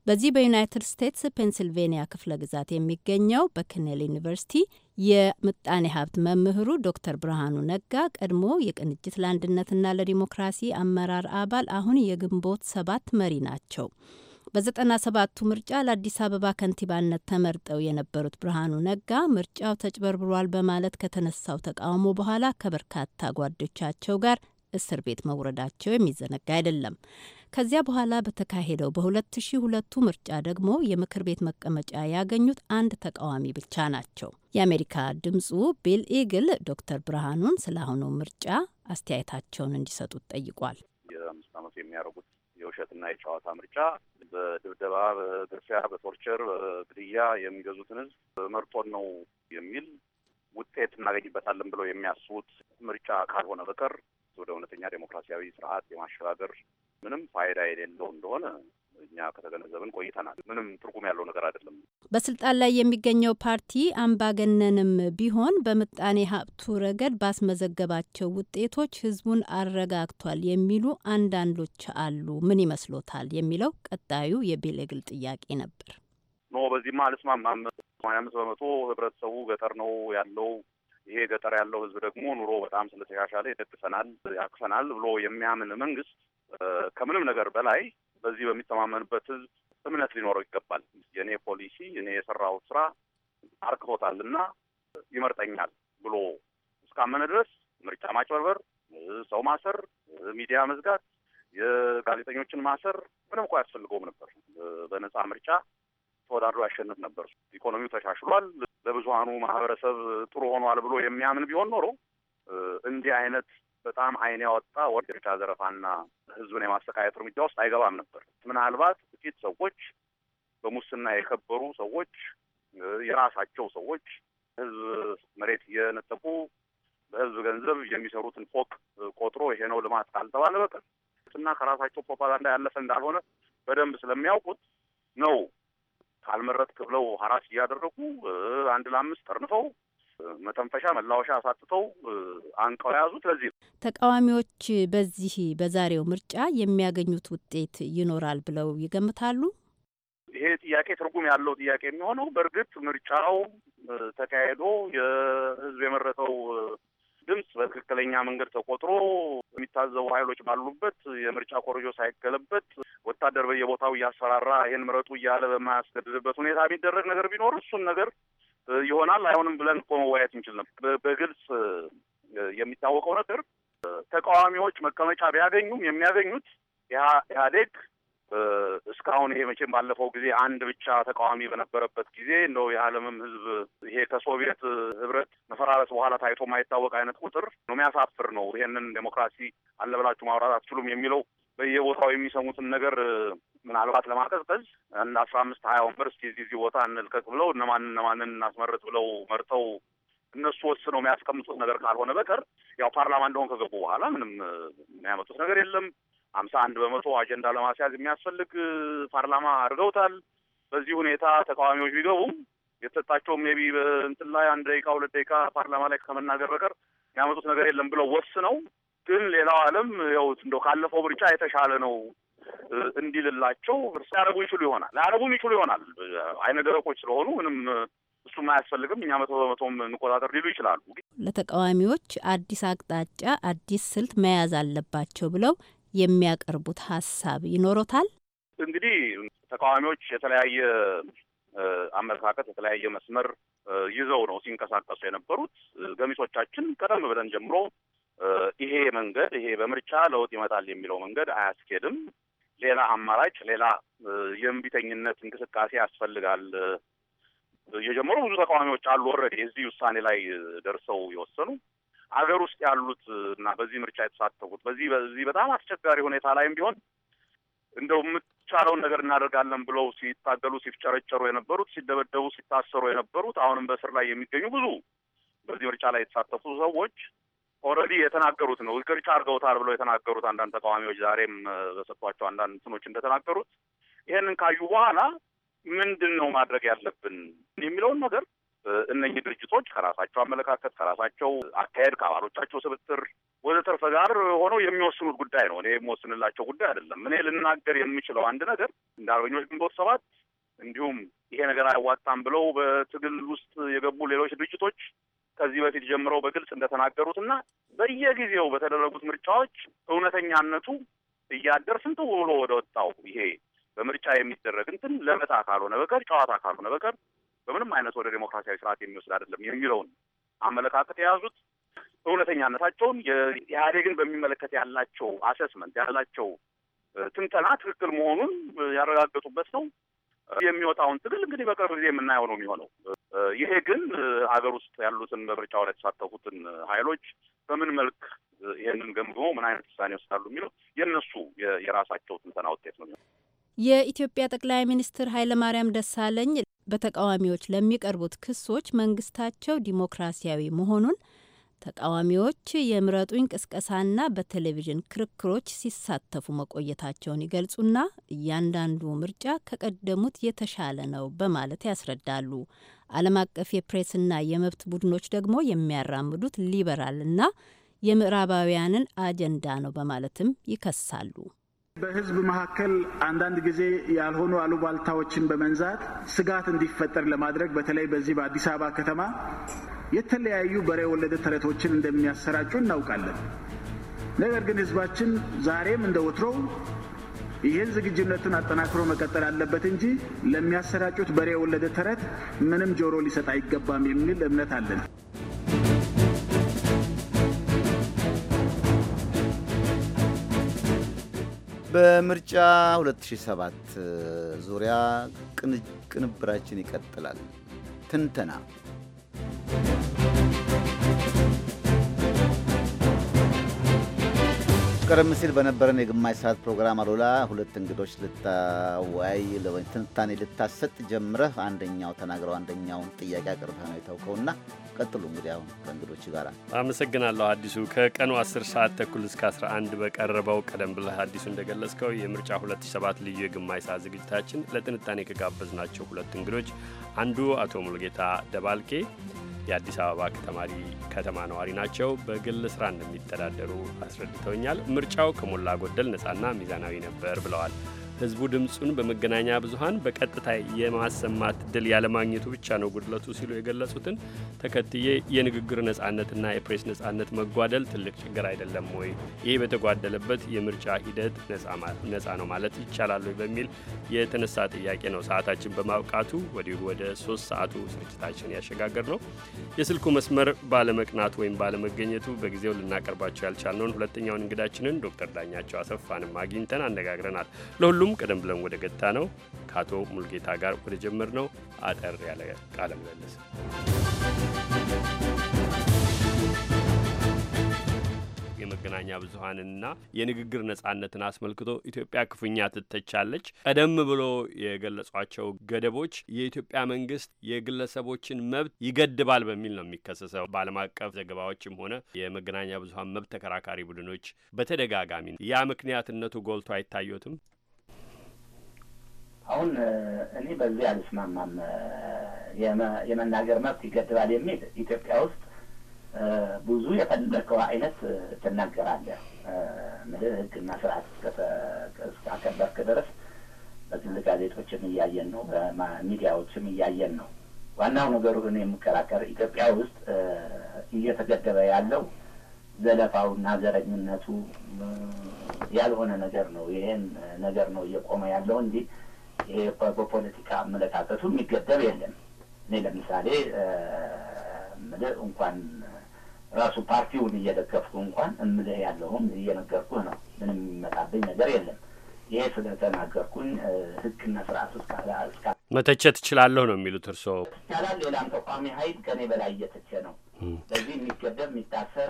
በዚህ በዩናይትድ ስቴትስ ፔንስልቬንያ ክፍለ ግዛት የሚገኘው በክኔል ዩኒቨርሲቲ የምጣኔ ሀብት መምህሩ ዶክተር ብርሃኑ ነጋ ቀድሞ የቅንጅት ለአንድነትና ለዲሞክራሲ አመራር አባል አሁን የግንቦት ሰባት መሪ ናቸው። በዘጠና ሰባቱ ምርጫ ለአዲስ አበባ ከንቲባነት ተመርጠው የነበሩት ብርሃኑ ነጋ ምርጫው ተጭበርብሯል በማለት ከተነሳው ተቃውሞ በኋላ ከበርካታ ጓዶቻቸው ጋር እስር ቤት መውረዳቸው የሚዘነጋ አይደለም። ከዚያ በኋላ በተካሄደው በ 2002 ምርጫ ደግሞ የምክር ቤት መቀመጫ ያገኙት አንድ ተቃዋሚ ብቻ ናቸው። የአሜሪካ ድምጹ ቢል ኢግል ዶክተር ብርሃኑን ስለ አሁኑ ምርጫ አስተያየታቸውን እንዲሰጡት ጠይቋል። የአምስት ዓመት የሚያደርጉት የውሸትና የጨዋታ ምርጫ በድብደባ፣ በግርፊያ፣ በቶርቸር፣ በግድያ የሚገዙትን ህዝብ መርጦን ነው የሚል ውጤት እናገኝበታለን ብለው የሚያስቡት ምርጫ ካልሆነ በቀር ወደ እውነተኛ ዴሞክራሲያዊ ስርዓት የማሸጋገር ምንም ፋይዳ የሌለው እንደሆነ እኛ ከተገነዘብን ቆይተናል። ምንም ትርጉም ያለው ነገር አይደለም። በስልጣን ላይ የሚገኘው ፓርቲ አምባገነንም ቢሆን በምጣኔ ሀብቱ ረገድ ባስመዘገባቸው ውጤቶች ህዝቡን አረጋግቷል የሚሉ አንዳንዶች አሉ። ምን ይመስሎታል የሚለው ቀጣዩ የቤሌግል ጥያቄ ነበር። ኖ በዚህማ አልስማማም። ሰማንያ አምስት በመቶ ህብረተሰቡ ገጠር ነው ያለው። ይሄ ገጠር ያለው ህዝብ ደግሞ ኑሮ በጣም ስለተሻሻለ ይደግፈናል፣ ያቅፈናል ብሎ የሚያምን መንግስት ከምንም ነገር በላይ በዚህ በሚተማመንበት ህዝብ እምነት ሊኖረው ይገባል። የእኔ ፖሊሲ እኔ የሰራው ስራ አርክቶታል እና ይመርጠኛል ብሎ እስካመነ ድረስ ምርጫ ማጭበርበር፣ ሰው ማሰር፣ ሚዲያ መዝጋት፣ የጋዜጠኞችን ማሰር ምንም እኮ አያስፈልገውም ነበር። በነፃ ምርጫ ተወዳድሮ ያሸንፍ ነበር። ኢኮኖሚው ተሻሽሏል፣ ለብዙሀኑ ማህበረሰብ ጥሩ ሆኗል ብሎ የሚያምን ቢሆን ኖሮ እንዲህ አይነት በጣም አይን ያወጣ ወርዳ ዘረፋና ህዝብን የማሰቃየት እርምጃ ውስጥ አይገባም ነበር። ምናልባት ጥቂት ሰዎች፣ በሙስና የከበሩ ሰዎች፣ የራሳቸው ሰዎች ህዝብ መሬት እየነጠቁ በህዝብ ገንዘብ የሚሰሩትን ፎቅ ቆጥሮ ይሄ ነው ልማት ካልተባለ በቀር እና ከራሳቸው ፕሮፓጋንዳ ያለፈ እንዳልሆነ በደንብ ስለሚያውቁት ነው ካልመረጥክ ብለው ሀራስ እያደረጉ አንድ ለአምስት ጠርንፈው መተንፈሻ መላወሻ አሳጥተው አንቀው የያዙት ለዚህ ነው። ተቃዋሚዎች በዚህ በዛሬው ምርጫ የሚያገኙት ውጤት ይኖራል ብለው ይገምታሉ? ይሄ ጥያቄ ትርጉም ያለው ጥያቄ የሚሆነው በእርግጥ ምርጫው ተካሄዶ የህዝብ የመረጠው ድምፅ በትክክለኛ መንገድ ተቆጥሮ የሚታዘቡ ኃይሎች ባሉበት የምርጫ ኮረጆ ሳይገለበት ወታደር በየቦታው እያስፈራራ ይህን ምረጡ እያለ በማያስገድድበት ሁኔታ የሚደረግ ነገር ቢኖር እሱን ነገር ይሆናል አይሆንም ብለን እኮ መወያየት እንችል ነበር። በግልጽ የሚታወቀው ነገር ተቃዋሚዎች መቀመጫ ቢያገኙም የሚያገኙት ኢህአዴግ እስካሁን ይሄ መቼም ባለፈው ጊዜ አንድ ብቻ ተቃዋሚ በነበረበት ጊዜ እንደው የዓለምም ሕዝብ ይሄ ከሶቪየት ህብረት መፈራረስ በኋላ ታይቶ ማይታወቅ አይነት ቁጥር ነው። የሚያሳፍር ነው። ይሄንን ዴሞክራሲ አለ ብላችሁ ማውራት አትችሉም የሚለው በየቦታው የሚሰሙትን ነገር ምናልባት ለማቀዝቀዝ እንደ አስራ አምስት ሀያ ወንበር እስኪ እዚህ እዚህ ቦታ እንልቀቅ ብለው እነማንን እነማንን እናስመርጥ ብለው መርጠው እነሱ ወስነው የሚያስቀምጡት ነገር ካልሆነ በቀር ያው ፓርላማ እንደሆን ከገቡ በኋላ ምንም የሚያመጡት ነገር የለም። ሀምሳ አንድ በመቶ አጀንዳ ለማስያዝ የሚያስፈልግ ፓርላማ አድርገውታል። በዚህ ሁኔታ ተቃዋሚዎች ቢገቡም የተሰጣቸውም ሜቢ በእንትን ላይ አንድ ደቂቃ ሁለት ደቂቃ ፓርላማ ላይ ከመናገር በቀር የሚያመጡት ነገር የለም ብለው ወስነው ግን ሌላው ዓለም ያው እንደው ካለፈው ምርጫ የተሻለ ነው እንዲልላቸው ሊያረጉ ይችሉ ይሆናል ሊያረጉም ይችሉ ይሆናል። አይነገረቆች ስለሆኑ ምንም እሱም አያስፈልግም እኛ መቶ በመቶም እንቆጣጠር ሊሉ ይችላሉ። ለተቃዋሚዎች አዲስ አቅጣጫ፣ አዲስ ስልት መያዝ አለባቸው ብለው የሚያቀርቡት ሀሳብ ይኖሮታል። እንግዲህ ተቃዋሚዎች የተለያየ አመለካከት የተለያየ መስመር ይዘው ነው ሲንቀሳቀሱ የነበሩት። ገሚሶቻችን ቀደም ብለን ጀምሮ ይሄ መንገድ ይሄ በምርጫ ለውጥ ይመጣል የሚለው መንገድ አያስኬድም። ሌላ አማራጭ፣ ሌላ የእምቢተኝነት እንቅስቃሴ ያስፈልጋል። የጀመሩ ብዙ ተቃዋሚዎች አሉ። ኦልሬዲ እዚህ ውሳኔ ላይ ደርሰው የወሰኑ አገር ውስጥ ያሉት እና በዚህ ምርጫ የተሳተፉት በዚህ በዚህ በጣም አስቸጋሪ ሁኔታ ላይም ቢሆን እንደው የምትቻለውን ነገር እናደርጋለን ብለው ሲታገሉ ሲፍጨረጨሩ የነበሩት ሲደበደቡ ሲታሰሩ የነበሩት አሁንም በእስር ላይ የሚገኙ ብዙ በዚህ ምርጫ ላይ የተሳተፉ ሰዎች ኦልሬዲ የተናገሩት ነው ቅርጫ አድርገውታል ብለው የተናገሩት አንዳንድ ተቃዋሚዎች ዛሬም በሰጧቸው አንዳንድ እንትኖች እንደተናገሩት ይህንን ካዩ በኋላ ምንድን ነው ማድረግ ያለብን የሚለውን ነገር እነኚህ ድርጅቶች ከራሳቸው አመለካከት፣ ከራሳቸው አካሄድ፣ ከአባሎቻቸው ስብጥር ወዘተርፈ ጋር ሆነው የሚወስኑት ጉዳይ ነው። እኔ የምወስንላቸው ጉዳይ አይደለም። እኔ ልናገር የምችለው አንድ ነገር እንደ አርበኞች ግንቦት ሰባት እንዲሁም ይሄ ነገር አያዋጣም ብለው በትግል ውስጥ የገቡ ሌሎች ድርጅቶች ከዚህ በፊት ጀምረው በግልጽ እንደተናገሩት እና በየጊዜው በተደረጉት ምርጫዎች እውነተኛነቱ እያደር ስንት ውሎ ወደ ወጣው ይሄ በምርጫ የሚደረግ እንትን ለመታ ካልሆነ በቀር ጨዋታ ካልሆነ በቀር በምንም አይነት ወደ ዴሞክራሲያዊ ስርዓት የሚወስድ አይደለም የሚለውን አመለካከት የያዙት እውነተኛነታቸውን የኢህአዴግን በሚመለከት ያላቸው አሴስመንት ያላቸው ትንተና ትክክል መሆኑን ያረጋገጡበት ነው። የሚወጣውን ትግል እንግዲህ በቅርብ ጊዜ የምናየው ነው የሚሆነው። ይሄ ግን ሀገር ውስጥ ያሉትን በምርጫው ላይ የተሳተፉትን ኃይሎች በምን መልክ ይህንን ገምግሞ ምን አይነት ውሳኔ ወስዳሉ የሚለው የእነሱ የራሳቸው ትንተና ውጤት ነው የኢትዮጵያ ጠቅላይ ሚኒስትር ኃይለማርያም ደሳለኝ በተቃዋሚዎች ለሚቀርቡት ክሶች መንግስታቸው ዲሞክራሲያዊ መሆኑን ተቃዋሚዎች የምረጡኝ ቅስቀሳና በቴሌቪዥን ክርክሮች ሲሳተፉ መቆየታቸውን ይገልጹና እያንዳንዱ ምርጫ ከቀደሙት የተሻለ ነው በማለት ያስረዳሉ። ዓለም አቀፍ የፕሬስና የመብት ቡድኖች ደግሞ የሚያራምዱት ሊበራልና የምዕራባውያንን አጀንዳ ነው በማለትም ይከሳሉ። በህዝብ መካከል አንዳንድ ጊዜ ያልሆኑ አሉባልታዎችን በመንዛት ስጋት እንዲፈጠር ለማድረግ በተለይ በዚህ በአዲስ አበባ ከተማ የተለያዩ በሬ ወለደ ተረቶችን እንደሚያሰራጩ እናውቃለን። ነገር ግን ህዝባችን ዛሬም እንደ ወትሮው ይህን ዝግጁነቱን አጠናክሮ መቀጠል አለበት እንጂ ለሚያሰራጩት በሬ ወለደ ተረት ምንም ጆሮ ሊሰጥ አይገባም የሚል እምነት አለን። በምርጫ 2007 ዙሪያ ቅንብራችን ይቀጥላል። ትንተና ቀደም ሲል በነበረን የግማሽ ሰዓት ፕሮግራም አሉላ ሁለት እንግዶች ልታወያይ ትንታኔ ልታሰጥ ጀምረህ አንደኛው ተናግረው አንደኛውን ጥያቄ አቅርበህ ነው የተውከውና ቀጥሉ እንግዲህ አሁን ከእንግዶች ጋር አመሰግናለሁ አዲሱ ከቀኑ 10 ሰዓት ተኩል እስከ 11 በቀረበው ቀደም ብለህ አዲሱ እንደገለጽከው የምርጫ 2007 ልዩ የግማሽ ሰዓት ዝግጅታችን ለትንታኔ ከጋበዝናቸው ሁለት እንግዶች አንዱ አቶ ሙልጌታ ደባልቄ የአዲስ አበባ ከተማሪ ከተማ ነዋሪ ናቸው። በግል ስራ እንደሚተዳደሩ አስረድተውኛል። ምርጫው ከሞላ ጎደል ነጻና ሚዛናዊ ነበር ብለዋል። ህዝቡ ድምፁን በመገናኛ ብዙሀን በቀጥታ የማሰማት ድል ያለማግኘቱ ብቻ ነው ጉድለቱ ሲሉ የገለጹትን ተከትዬ የንግግር ነጻነትና የፕሬስ ነጻነት መጓደል ትልቅ ችግር አይደለም ወይ? ይህ በተጓደለበት የምርጫ ሂደት ነጻ ነው ማለት ይቻላል ወይ? በሚል የተነሳ ጥያቄ ነው። ሰዓታችን በማብቃቱ ወዲሁ ወደ ሶስት ሰዓቱ ስርጭታችን ያሸጋገር ነው። የስልኩ መስመር ባለመቅናት ወይም ባለመገኘቱ በጊዜው ልናቀርባቸው ያልቻልነውን ሁለተኛውን እንግዳችንን ዶክተር ዳኛቸው አሰፋንም አግኝተን አነጋግረናል። ለሁሉም ሁሉም ቀደም ብለን ወደ ገታ ነው ከአቶ ሙልጌታ ጋር ወደ ጀመር ነው አጠር ያለ ቃለ ምልልስ የመገናኛ ብዙሀንና የንግግር ነጻነትን አስመልክቶ ኢትዮጵያ ክፉኛ ትተቻለች። ቀደም ብሎ የገለጿቸው ገደቦች የኢትዮጵያ መንግስት የግለሰቦችን መብት ይገድባል በሚል ነው የሚከሰሰው። በዓለም አቀፍ ዘገባዎችም ሆነ የመገናኛ ብዙሀን መብት ተከራካሪ ቡድኖች በተደጋጋሚ ያ ምክንያትነቱ ጎልቶ አይታዩትም። አሁን እኔ በዚህ አልስማማም። የመናገር መብት ይገድባል የሚል ኢትዮጵያ ውስጥ ብዙ የፈለከው አይነት ትናገራለህ። ምድር ህግና ስርዓት እስካከበርክ ድረስ በትልቅ ጋዜጦችም እያየን ነው፣ በሚዲያዎችም እያየን ነው። ዋናው ነገሩ እኔ የምከራከር ኢትዮጵያ ውስጥ እየተገደበ ያለው ዘለፋውና ዘረኝነቱ ያልሆነ ነገር ነው። ይሄን ነገር ነው እየቆመ ያለው እንዲህ ይሄ በፖለቲካ አመለካከቱ የሚገደብ የለም። እኔ ለምሳሌ እምልህ እንኳን ራሱ ፓርቲውን እየደገፍኩ እንኳን እምልህ ያለውም እየነገርኩህ ነው። ምንም የሚመጣብኝ ነገር የለም። ይሄ ስለተናገርኩኝ ህግና ስርዓት እስካ መተቸት እችላለሁ ነው የሚሉት እርስዎ? ይቻላል። ሌላም ተቋሚ ሀይል ከኔ በላይ እየተቸ ነው በዚህ የሚገደብ የሚታሰር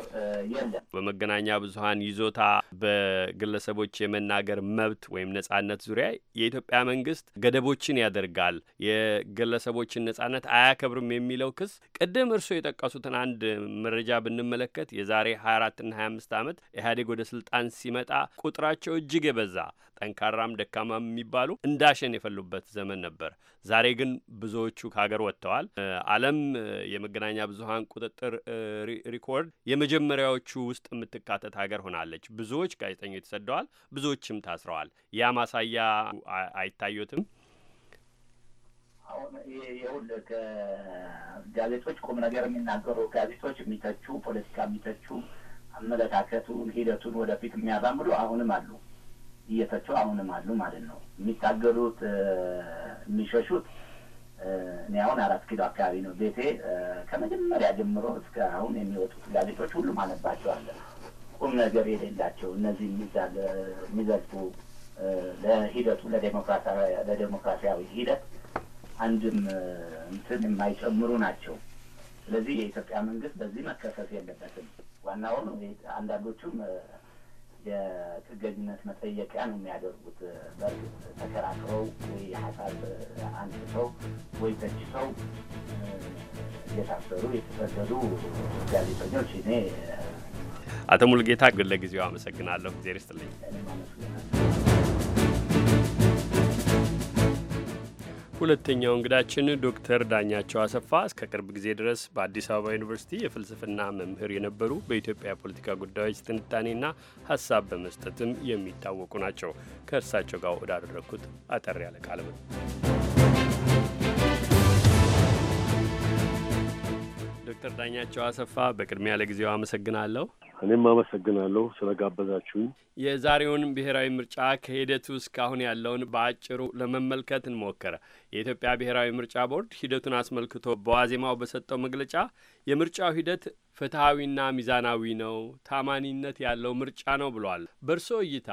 የለም። በመገናኛ ብዙኃን ይዞታ በግለሰቦች የመናገር መብት ወይም ነጻነት ዙሪያ የኢትዮጵያ መንግስት ገደቦችን ያደርጋል፣ የግለሰቦችን ነጻነት አያከብርም የሚለው ክስ ቅድም እርስዎ የጠቀሱትን አንድ መረጃ ብንመለከት የዛሬ 24 እና 25 ዓመት ኢህአዴግ ወደ ስልጣን ሲመጣ ቁጥራቸው እጅግ የበዛ ጠንካራም ደካማም የሚባሉ እንዳሸን የፈሉበት ዘመን ነበር። ዛሬ ግን ብዙዎቹ ከሀገር ወጥተዋል። ዓለም የመገናኛ ብዙሀን ቁጥጥር ሪኮርድ የመጀመሪያዎቹ ውስጥ የምትካተት ሀገር ሆናለች። ብዙዎች ጋዜጠኞች ተሰደዋል፣ ብዙዎችም ታስረዋል። ያ ማሳያ አይታዩትም። አሁን የሁል ጋዜጦች ቁም ነገር የሚናገሩ ጋዜጦች የሚተቹ ፖለቲካ የሚተቹ አመለካከቱን ሂደቱን ወደፊት የሚያራምዱ አሁንም አሉ። እየተቹ አሁንም አሉ ማለት ነው። የሚታገሉት የሚሸሹት እኔ አሁን አራት ኪሎ አካባቢ ነው ቤቴ። ከመጀመሪያ ጀምሮ እስከ አሁን የሚወጡት ጋዜጦች ሁሉም አነባቸዋለሁ። ቁም ነገር የሌላቸው እነዚህ የሚዘልፉ ለሂደቱ ለዴሞክራሲያዊ ሂደት አንድም እንትን የማይጨምሩ ናቸው። ስለዚህ የኢትዮጵያ መንግስት በዚህ መከሰስ የለበትም። ዋናውን አንዳንዶቹም የጥገኝነት መጠየቂያ ነው የሚያደርጉት። በእርግጥ ተከራክረው ወይ ሀሳብ አንስተው ወይ ተችተው የታሰሩ የተሰደዱ ጋዜጠኞች እኔ አቶ ሙልጌታ ግን ለጊዜው አመሰግናለሁ። እግዜር ይስጥልኝ። ሁለተኛው እንግዳችን ዶክተር ዳኛቸው አሰፋ እስከ ቅርብ ጊዜ ድረስ በአዲስ አበባ ዩኒቨርሲቲ የፍልስፍና መምህር የነበሩ በኢትዮጵያ የፖለቲካ ጉዳዮች ትንታኔና ሀሳብ በመስጠትም የሚታወቁ ናቸው። ከእርሳቸው ጋር ወዳደረግኩት አጠር ያለ ቃለ ዶክተር ዳኛቸው አሰፋ በቅድሚያ ለጊዜው አመሰግናለሁ። እኔም አመሰግናለሁ ስለጋበዛችሁኝ። የዛሬውን ብሔራዊ ምርጫ ከሂደቱ እስካሁን ያለውን በአጭሩ ለመመልከት እንሞከረ። የኢትዮጵያ ብሔራዊ ምርጫ ቦርድ ሂደቱን አስመልክቶ በዋዜማው በሰጠው መግለጫ የምርጫው ሂደት ፍትሐዊና ሚዛናዊ ነው፣ ታማኒነት ያለው ምርጫ ነው ብሏል። በእርሶ እይታ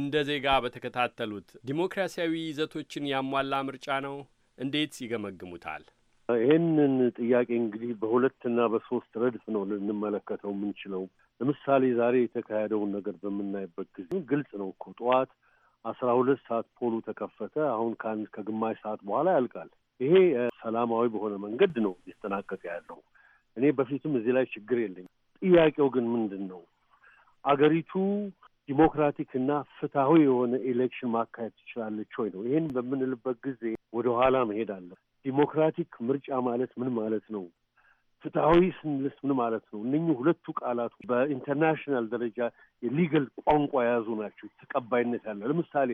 እንደ ዜጋ በተከታተሉት ዲሞክራሲያዊ ይዘቶችን ያሟላ ምርጫ ነው? እንዴት ይገመግሙታል? ይህንን ጥያቄ እንግዲህ በሁለትና በሶስት ረድፍ ነው ልንመለከተው የምንችለው። ለምሳሌ ዛሬ የተካሄደውን ነገር በምናይበት ጊዜ ግልጽ ነው እኮ ጠዋት አስራ ሁለት ሰዓት ፖሉ ተከፈተ። አሁን ከአንድ ከግማሽ ሰዓት በኋላ ያልቃል። ይሄ ሰላማዊ በሆነ መንገድ ነው እየተጠናቀቀ ያለው። እኔ በፊትም እዚህ ላይ ችግር የለኝም። ጥያቄው ግን ምንድን ነው? አገሪቱ ዲሞክራቲክ እና ፍትሐዊ የሆነ ኤሌክሽን ማካሄድ ትችላለች ወይ ነው። ይህን በምንልበት ጊዜ ወደ ኋላ መሄድ አለ። ዲሞክራቲክ ምርጫ ማለት ምን ማለት ነው? ፍትሐዊ ስንልስ ምን ማለት ነው? እነኚህ ሁለቱ ቃላት በኢንተርናሽናል ደረጃ የሊገል ቋንቋ የያዙ ናቸው፣ ተቀባይነት ያለ። ለምሳሌ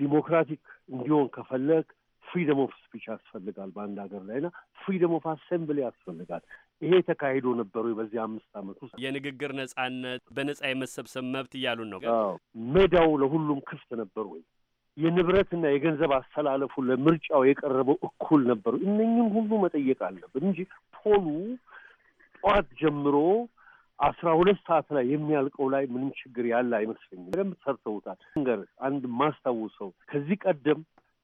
ዲሞክራቲክ እንዲሆን ከፈለግ ፍሪደም ኦፍ ስፒች ያስፈልጋል በአንድ ሀገር ላይ እና ፍሪደም ኦፍ አሴምብሊ ያስፈልጋል። ይሄ ተካሂዶ ነበሩ በዚህ አምስት ዓመት ውስጥ የንግግር ነጻነት፣ በነጻ የመሰብሰብ መብት እያሉን ነው። ሜዳው ለሁሉም ክፍት ነበር ወይ? የንብረትና የገንዘብ አስተላለፉ ለምርጫው የቀረበው እኩል ነበሩ። እነኝም ሁሉ መጠየቅ አለብን እንጂ ፖሉ ጠዋት ጀምሮ አስራ ሁለት ሰዓት ላይ የሚያልቀው ላይ ምንም ችግር ያለ አይመስለኝም። በደንብ ሰርተውታል። ንገር አንድ ማስታውሰው ከዚህ ቀደም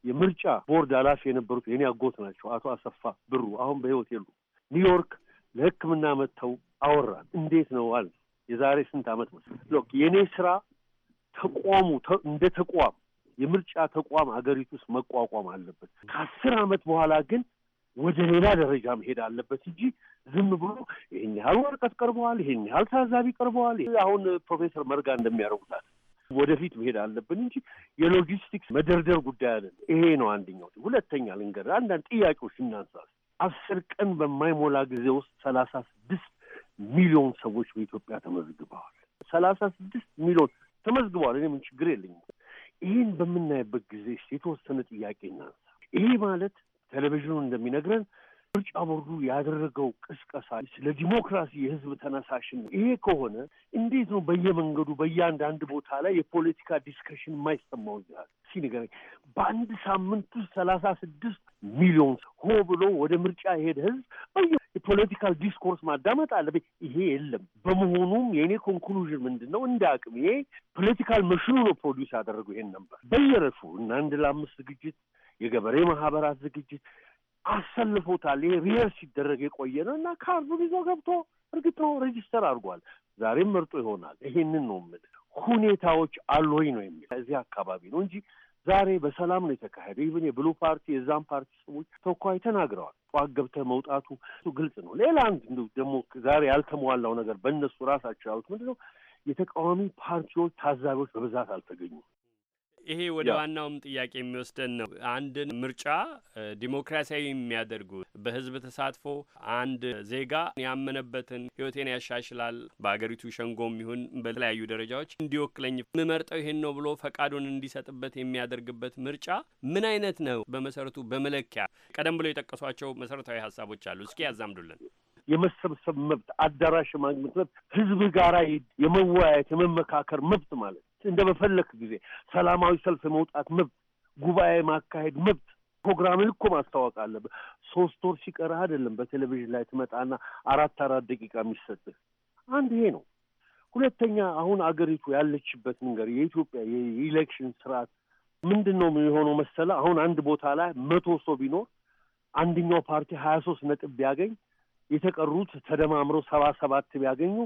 የምርጫ ቦርድ ኃላፊ የነበሩት የኔ አጎት ናቸው አቶ አሰፋ ብሩ አሁን በህይወት የሉ። ኒውዮርክ ለህክምና መጥተው አወራን። እንዴት ነው አለ የዛሬ ስንት አመት መሰለህ። ሎክ የእኔ ስራ ተቋሙ እንደ ተቋም የምርጫ ተቋም አገሪቱ ውስጥ መቋቋም አለበት። ከአስር ዓመት በኋላ ግን ወደ ሌላ ደረጃ መሄድ አለበት እንጂ ዝም ብሎ ይህን ያህል ወረቀት ቀርበዋል፣ ይህን ያህል ታዛቢ ቀርበዋል፣ አሁን ፕሮፌሰር መርጋ እንደሚያደርጉታል ወደፊት መሄድ አለብን እንጂ የሎጂስቲክስ መደርደር ጉዳይ አለ። ይሄ ነው አንደኛው። ሁለተኛ ልንገር፣ አንዳንድ ጥያቄዎች እናንሳ። አስር ቀን በማይሞላ ጊዜ ውስጥ ሰላሳ ስድስት ሚሊዮን ሰዎች በኢትዮጵያ ተመዝግበዋል። ሰላሳ ስድስት ሚሊዮን ተመዝግበዋል። እኔ ምን ችግር የለኝም። ይህን በምናይበት ጊዜ የተወሰነ ጥያቄ እናንሳ። ይሄ ማለት ቴሌቪዥኑ እንደሚነግረን ምርጫ ቦርዱ ያደረገው ቅስቀሳ ስለ ዲሞክራሲ የህዝብ ተነሳሽነት ይሄ ከሆነ እንዴት ነው በየመንገዱ በያንዳንድ ቦታ ላይ የፖለቲካ ዲስከሽን የማይሰማው? ይላል ሲነገረኝ በአንድ ሳምንት ውስጥ ሰላሳ ስድስት ሚሊዮን ሆ ብሎ ወደ ምርጫ የሄደ ህዝብ የፖለቲካል ዲስኮርስ ማዳመጥ አለብኝ። ይሄ የለም። በመሆኑም የእኔ ኮንክሉዥን ምንድን ነው? እንደ አቅም ይሄ ፖለቲካል መሽኑ ነው ፕሮዲውስ ያደረጉ ይሄን ነበር በየረፉ እና አንድ ለአምስት ዝግጅት፣ የገበሬ ማህበራት ዝግጅት አሰልፎታል። ይሄ ሪየር ሲደረግ የቆየ ነው እና ካርዱን ይዞ ገብቶ እርግጥ ነው ሬጂስተር አድርጓል። ዛሬም መርጦ ይሆናል። ይሄንን ነው የምልህ። ሁኔታዎች አሉ ወይ ነው የሚለው እዚህ አካባቢ ነው እንጂ ዛሬ በሰላም ነው የተካሄደ። ይብን የብሉ ፓርቲ የዛም ፓርቲ ሰዎች ተኳይ ተናግረዋል። ጠዋት ገብተህ መውጣቱ ግልጽ ነው። ሌላ አንድ ደግሞ ዛሬ ያልተሟላው ነገር በእነሱ ራሳቸው ያሉት ምንድን ነው? የተቃዋሚ ፓርቲዎች ታዛቢዎች በብዛት አልተገኙም። ይሄ ወደ ዋናውም ጥያቄ የሚወስደን ነው። አንድን ምርጫ ዲሞክራሲያዊ የሚያደርጉ በህዝብ ተሳትፎ አንድ ዜጋ ያመነበትን ህይወቴን ያሻሽላል በሀገሪቱ ሸንጎም ይሁን በተለያዩ ደረጃዎች እንዲወክለኝ የምመርጠው ይሄን ነው ብሎ ፈቃዱን እንዲሰጥበት የሚያደርግበት ምርጫ ምን አይነት ነው? በመሰረቱ በመለኪያ ቀደም ብሎ የጠቀሷቸው መሰረታዊ ሀሳቦች አሉ። እስኪ ያዛምዱልን። የመሰብሰብ መብት፣ አዳራሽ ማግኘት መብት፣ ህዝብ ጋራ የመወያየት የመመካከር መብት ማለት እንደ በፈለክ ጊዜ ሰላማዊ ሰልፍ የመውጣት መብት፣ ጉባኤ ማካሄድ መብት። ፕሮግራምን እኮ ማስታወቅ አለብህ። ሶስት ወር ሲቀርህ አይደለም በቴሌቪዥን ላይ ትመጣና አራት አራት ደቂቃ የሚሰጥህ አንድ ይሄ ነው። ሁለተኛ አሁን አገሪቱ ያለችበት መንገድ የኢትዮጵያ የኢሌክሽን ስርዓት ምንድን ነው የሆነው መሰለ? አሁን አንድ ቦታ ላይ መቶ ሰው ቢኖር አንደኛው ፓርቲ ሀያ ሶስት ነጥብ ቢያገኝ የተቀሩት ተደማምረው ሰባ ሰባት ቢያገኙ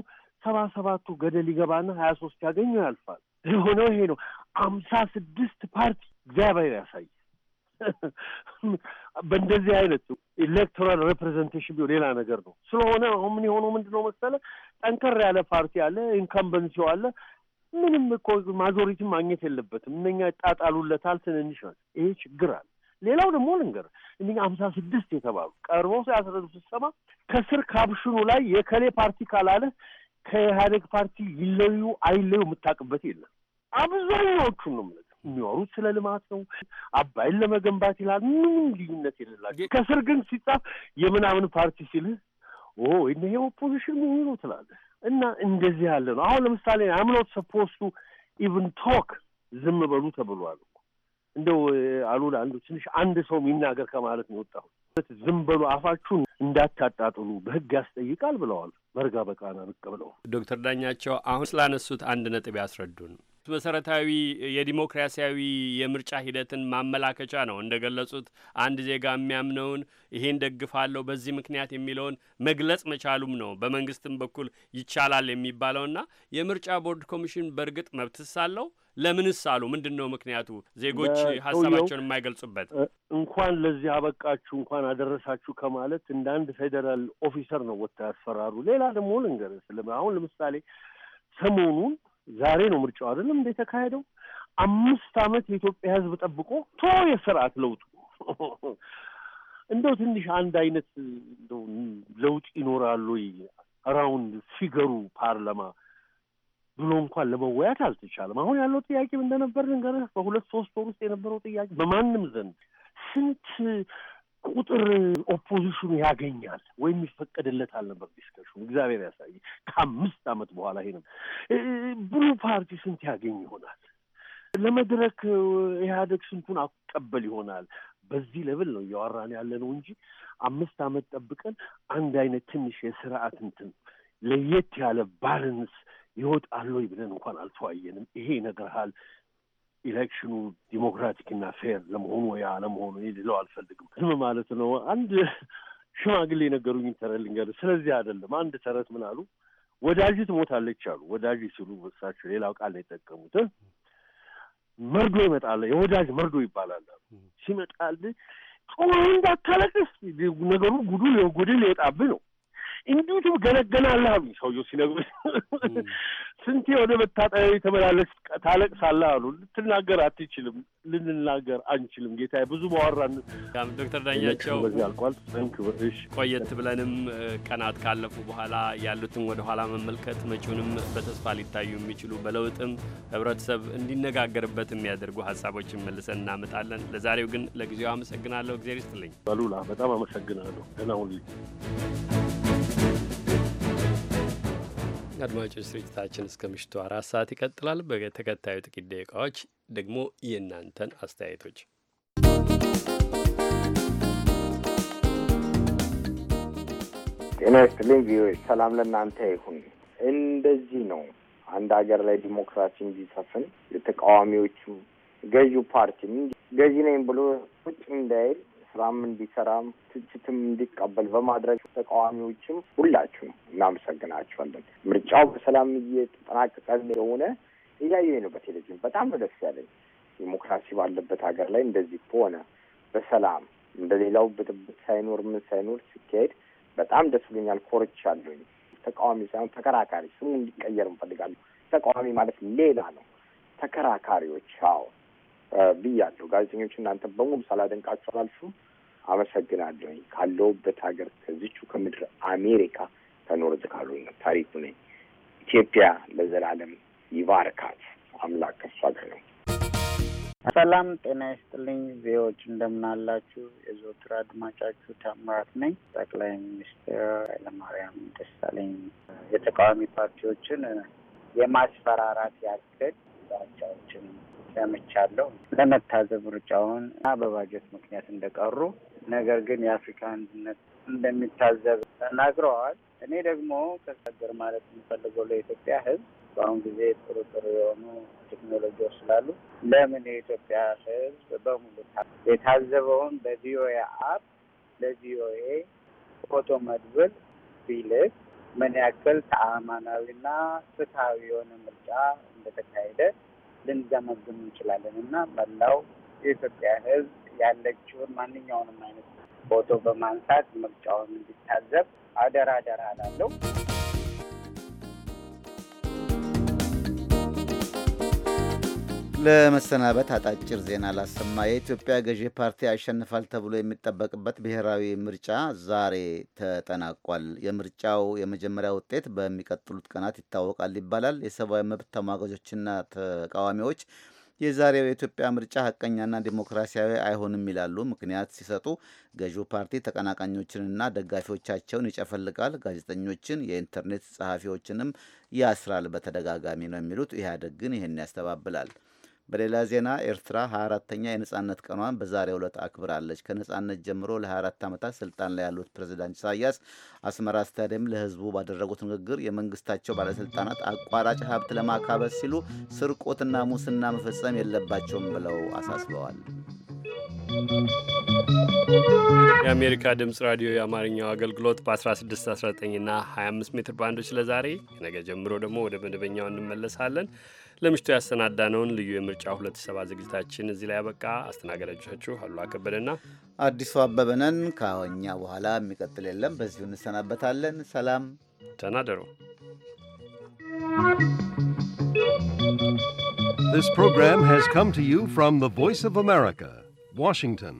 ሰባ ሰባቱ ገደል ይገባና ሀያ ሶስት ያገኘው ያልፋል። የሆነው ይሄ ነው። አምሳ ስድስት ፓርቲ እግዚአብሔር ያሳይ። በእንደዚህ አይነት ኤሌክቶራል ሬፕሬዘንቴሽን ቢሆን ሌላ ነገር ነው። ስለሆነ አሁን ምን የሆነው ምንድን ነው መሰለ፣ ጠንከር ያለ ፓርቲ አለ፣ ኢንካምበንሲው አለ። ምንም እኮ ማጆሪቲ ማግኘት የለበትም። እነኛ ይጣጣሉለታል። ትንንሽ ናቸው። ይሄ ችግር አለ። ሌላው ደግሞ ልንገር እንዲ አምሳ ስድስት የተባሉ ቀርበው ሲያስረዱ ስትሰማ ከስር ካፕሽኑ ላይ የከሌ ፓርቲ ካላለህ ከኢህአዴግ ፓርቲ ይለዩ አይለዩ የምታውቅበት የለም። አብዛኛዎቹም ነው ምነት የሚወሩት ስለ ልማት ነው፣ አባይን ለመገንባት ይላል። ምንም ልዩነት የሌላቸው ከስር ግን ሲጻፍ የምናምን ፓርቲ ሲልህ ይነ ኦፖዚሽን መሆኑ ትላለህ። እና እንደዚህ ያለ ነው። አሁን ለምሳሌ አምኖት ሰፖስቱ ኢቭን ቶክ ዝም በሉ ተብሏል። እንደው አሉላ አንዱ ትንሽ አንድ ሰው የሚናገር ከማለት ነው የወጣሁት ዝም በሉ አፋችሁን እንዳታጣጥሉ በህግ ያስጠይቃል ብለዋል። መርጋ በቃና ብቅ ብለው ዶክተር ዳኛቸው አሁን ስላነሱት አንድ ነጥብ ያስረዱን። መሰረታዊ የዲሞክራሲያዊ የምርጫ ሂደትን ማመላከቻ ነው። እንደ ገለጹት አንድ ዜጋ የሚያምነውን ይሄን ደግፋለሁ በዚህ ምክንያት የሚለውን መግለጽ መቻሉም ነው በመንግስትም በኩል ይቻላል የሚባለውና የምርጫ ቦርድ ኮሚሽን በእርግጥ መብትስ አለው ለምንስ አሉ? ምንድን ነው ምክንያቱ? ዜጎች ሀሳባቸውን የማይገልጹበት እንኳን ለዚህ አበቃችሁ እንኳን አደረሳችሁ ከማለት እንደ አንድ ፌዴራል ኦፊሰር ነው ወጥተው ያስፈራሩ። ሌላ ደግሞ ልንገርህ፣ አሁን ለምሳሌ ሰሞኑን ዛሬ ነው ምርጫው አይደለም እንደ የተካሄደው አምስት ዓመት የኢትዮጵያ ሕዝብ ጠብቆ ቶ የስርዓት ለውጡ እንደው ትንሽ አንድ አይነት ለውጥ ይኖራሉ ራውንድ ፊገሩ ፓርላማ ብሎ እንኳን ለመወያት አልተቻለም። አሁን ያለው ጥያቄ እንደነበር ልንገርህ፣ በሁለት ሶስት ወር ውስጥ የነበረው ጥያቄ በማንም ዘንድ ስንት ቁጥር ኦፖዚሽኑ ያገኛል ወይም ይፈቀድለታል ነበር ዲስከሽኑ። እግዚአብሔር ያሳይ። ከአምስት ዓመት በኋላ ይሄ ብሉ ፓርቲ ስንት ያገኝ ይሆናል? ለመድረክ ኢህአደግ ስንቱን አቀበል ይሆናል? በዚህ ለብል ነው እያወራን ያለ ነው እንጂ አምስት ዓመት ጠብቀን አንድ አይነት ትንሽ የስርዓት እንትን ለየት ያለ ባላንስ ይወጣሉ ወይ ብለን እንኳን አልተዋየንም። ይሄ ይነግርሃል ኢሌክሽኑ ዲሞክራቲክ እና ፌር ለመሆኑ ወይ አለመሆኑ ሌለው አልፈልግም። ህም ማለት ነው። አንድ ሽማግሌ የነገሩኝ ተረት ልንገርህ። ስለዚህ አይደለም አንድ ተረት ምን አሉ፣ ወዳጅ ትሞታለች አሉ። ወዳጅ ሲሉ እሳቸው ሌላው ቃል ነው የጠቀሙት። መርዶ ይመጣል፣ የወዳጅ መርዶ ይባላል አሉ። ሲመጣል ጮ እንዳታለቅስ ነገሩ ጉዱ ጉድል ሊወጣብህ ነው እንዲሁ ደግሞ ገለገላለህ አሉኝ። ሰውየው ሲነግሩኝ ስንቴ ወደ መታጠቢያ የተመላለስ ታለቅሳለህ አሉ። ልትናገር አትችልም፣ ልንናገር አንችልም ጌታ ብዙ ማወራን ዶክተር ዳኛቸው ቆየት ብለንም ቀናት ካለፉ በኋላ ያሉትን ወደ ኋላ መመልከት መጪውንም በተስፋ ሊታዩ የሚችሉ በለውጥም ህብረተሰብ እንዲነጋገርበት የሚያደርጉ ሀሳቦችን መልሰን እናመጣለን። ለዛሬው ግን ለጊዜው አመሰግናለሁ። እግዜር ይስጥልኝ። በሉላ በጣም አመሰግናለሁ። ደህና ሁኑ። አድማጮች ስርጭታችን እስከ ምሽቱ አራት ሰዓት ይቀጥላል። በተከታዩ ጥቂት ደቂቃዎች ደግሞ የእናንተን አስተያየቶች ጤና ይስጥልኝ። ቪዮች ሰላም ለእናንተ ይሁን። እንደዚህ ነው አንድ ሀገር ላይ ዲሞክራሲ እንዲሰፍን የተቃዋሚዎቹ ገዢው ፓርቲ ገዢ ነኝ ብሎ ቁጭ እንዳይል ስራም እንዲሰራም ትችትም እንዲቀበል በማድረግ ተቃዋሚዎችም ሁላችሁም እናመሰግናችኋለን። ምርጫው በሰላም እየተጠናቀቀ የሆነ እያየ ነው በቴሌቪዥን በጣም ነው ደስ ያለኝ። ዲሞክራሲ ባለበት ሀገር ላይ እንደዚህ ከሆነ በሰላም እንደሌላው ብጥብጥ ሳይኖር ምን ሳይኖር ሲካሄድ በጣም ደስ ብሎኛል። ኮርች አለኝ ተቃዋሚ ሳይሆን ተከራካሪ ስሙ እንዲቀየር እንፈልጋለሁ። ተቃዋሚ ማለት ሌላ ነው። ተከራካሪዎች አዎ ብያለሁ። ጋዜጠኞች እናንተ በሙሉ ሳላደንቃችሁ አላልፉም። አመሰግናለሁኝ። ካለሁበት ሀገር ከዚቹ ከምድር አሜሪካ ተኖር ዝካሉ ታሪኩ ነኝ። ኢትዮጵያ ለዘላለም ይባርካት። አምላክ ከሷ ጋር ነው። ሰላም ጤና ይስጥልኝ። ዜዎች እንደምናላችሁ። የዘወትር አድማጫችሁ ታምራት ነኝ። ጠቅላይ ሚኒስትር ኃይለማርያም ደሳለኝ የተቃዋሚ ፓርቲዎችን የማስፈራራት ያክል ዛቻዎችን ሰምቻለሁ። ለመታዘብ ምርጫውን እና በባጀት ምክንያት እንደቀሩ ነገር ግን የአፍሪካ አንድነት እንደሚታዘብ ተናግረዋል። እኔ ደግሞ ከሰገር ማለት የምፈልገው ለኢትዮጵያ ሕዝብ በአሁን ጊዜ ጥሩ ጥሩ የሆኑ ቴክኖሎጂዎች ስላሉ ለምን የኢትዮጵያ ሕዝብ በሙሉ የታዘበውን በቪኦኤ አፕ ለቪኦኤ ፎቶ መድብል ቢልክ ምን ያክል ተአማናዊና ፍትሐዊ የሆነ ምርጫ እንደተካሄደ ልንገመግም እንችላለን እና መላው የኢትዮጵያ ሕዝብ ያለችውን ማንኛውንም አይነት ፎቶ በማንሳት ምርጫውን እንዲታዘብ አደራ አደራ አላለው። ለመሰናበት አጣጭር ዜና ላሰማ። የኢትዮጵያ ገዢ ፓርቲ ያሸንፋል ተብሎ የሚጠበቅበት ብሔራዊ ምርጫ ዛሬ ተጠናቋል። የምርጫው የመጀመሪያ ውጤት በሚቀጥሉት ቀናት ይታወቃል ይባላል። የሰብአዊ መብት ተሟጋቾችና ተቃዋሚዎች የዛሬው የኢትዮጵያ ምርጫ ሀቀኛና ዲሞክራሲያዊ አይሆንም ይላሉ። ምክንያት ሲሰጡ ገዢው ፓርቲ ተቀናቃኞችንና ደጋፊዎቻቸውን ይጨፈልቃል፣ ጋዜጠኞችን፣ የኢንተርኔት ጸሐፊዎችንም ያስራል በተደጋጋሚ ነው የሚሉት። ኢህአዴግ ግን ይህን ያስተባብላል። በሌላ ዜና ኤርትራ 24ተኛ የነጻነት ቀኗን በዛሬ ዕለት አክብራለች። ከነጻነት ጀምሮ ለ24 ዓመታት ስልጣን ላይ ያሉት ፕሬዚዳንት ኢሳያስ አስመራ ስታዲየም ለህዝቡ ባደረጉት ንግግር የመንግስታቸው ባለስልጣናት አቋራጭ ሀብት ለማካበስ ሲሉ ስርቆትና ሙስና መፈጸም የለባቸውም ብለው አሳስበዋል። የአሜሪካ ድምፅ ራዲዮ የአማርኛው አገልግሎት በ1619ና 25 ሜትር ባንዶች ለዛሬ ነገ ጀምሮ ደግሞ ወደ መደበኛው እንመለሳለን። ለምሽቱ ያሰናዳነውን ልዩ የምርጫ 2007 ዝግጅታችን እዚህ ላይ ያበቃ። አስተናጋጆቻችሁ አሉላ ከበደና አዲሱ አበበነን። ከአሁኛ በኋላ የሚቀጥል የለም። በዚሁ እንሰናበታለን። ሰላም ተናደሩ። This program has come to you from the Voice of America, Washington.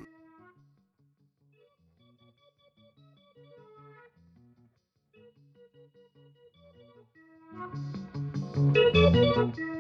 Thank you.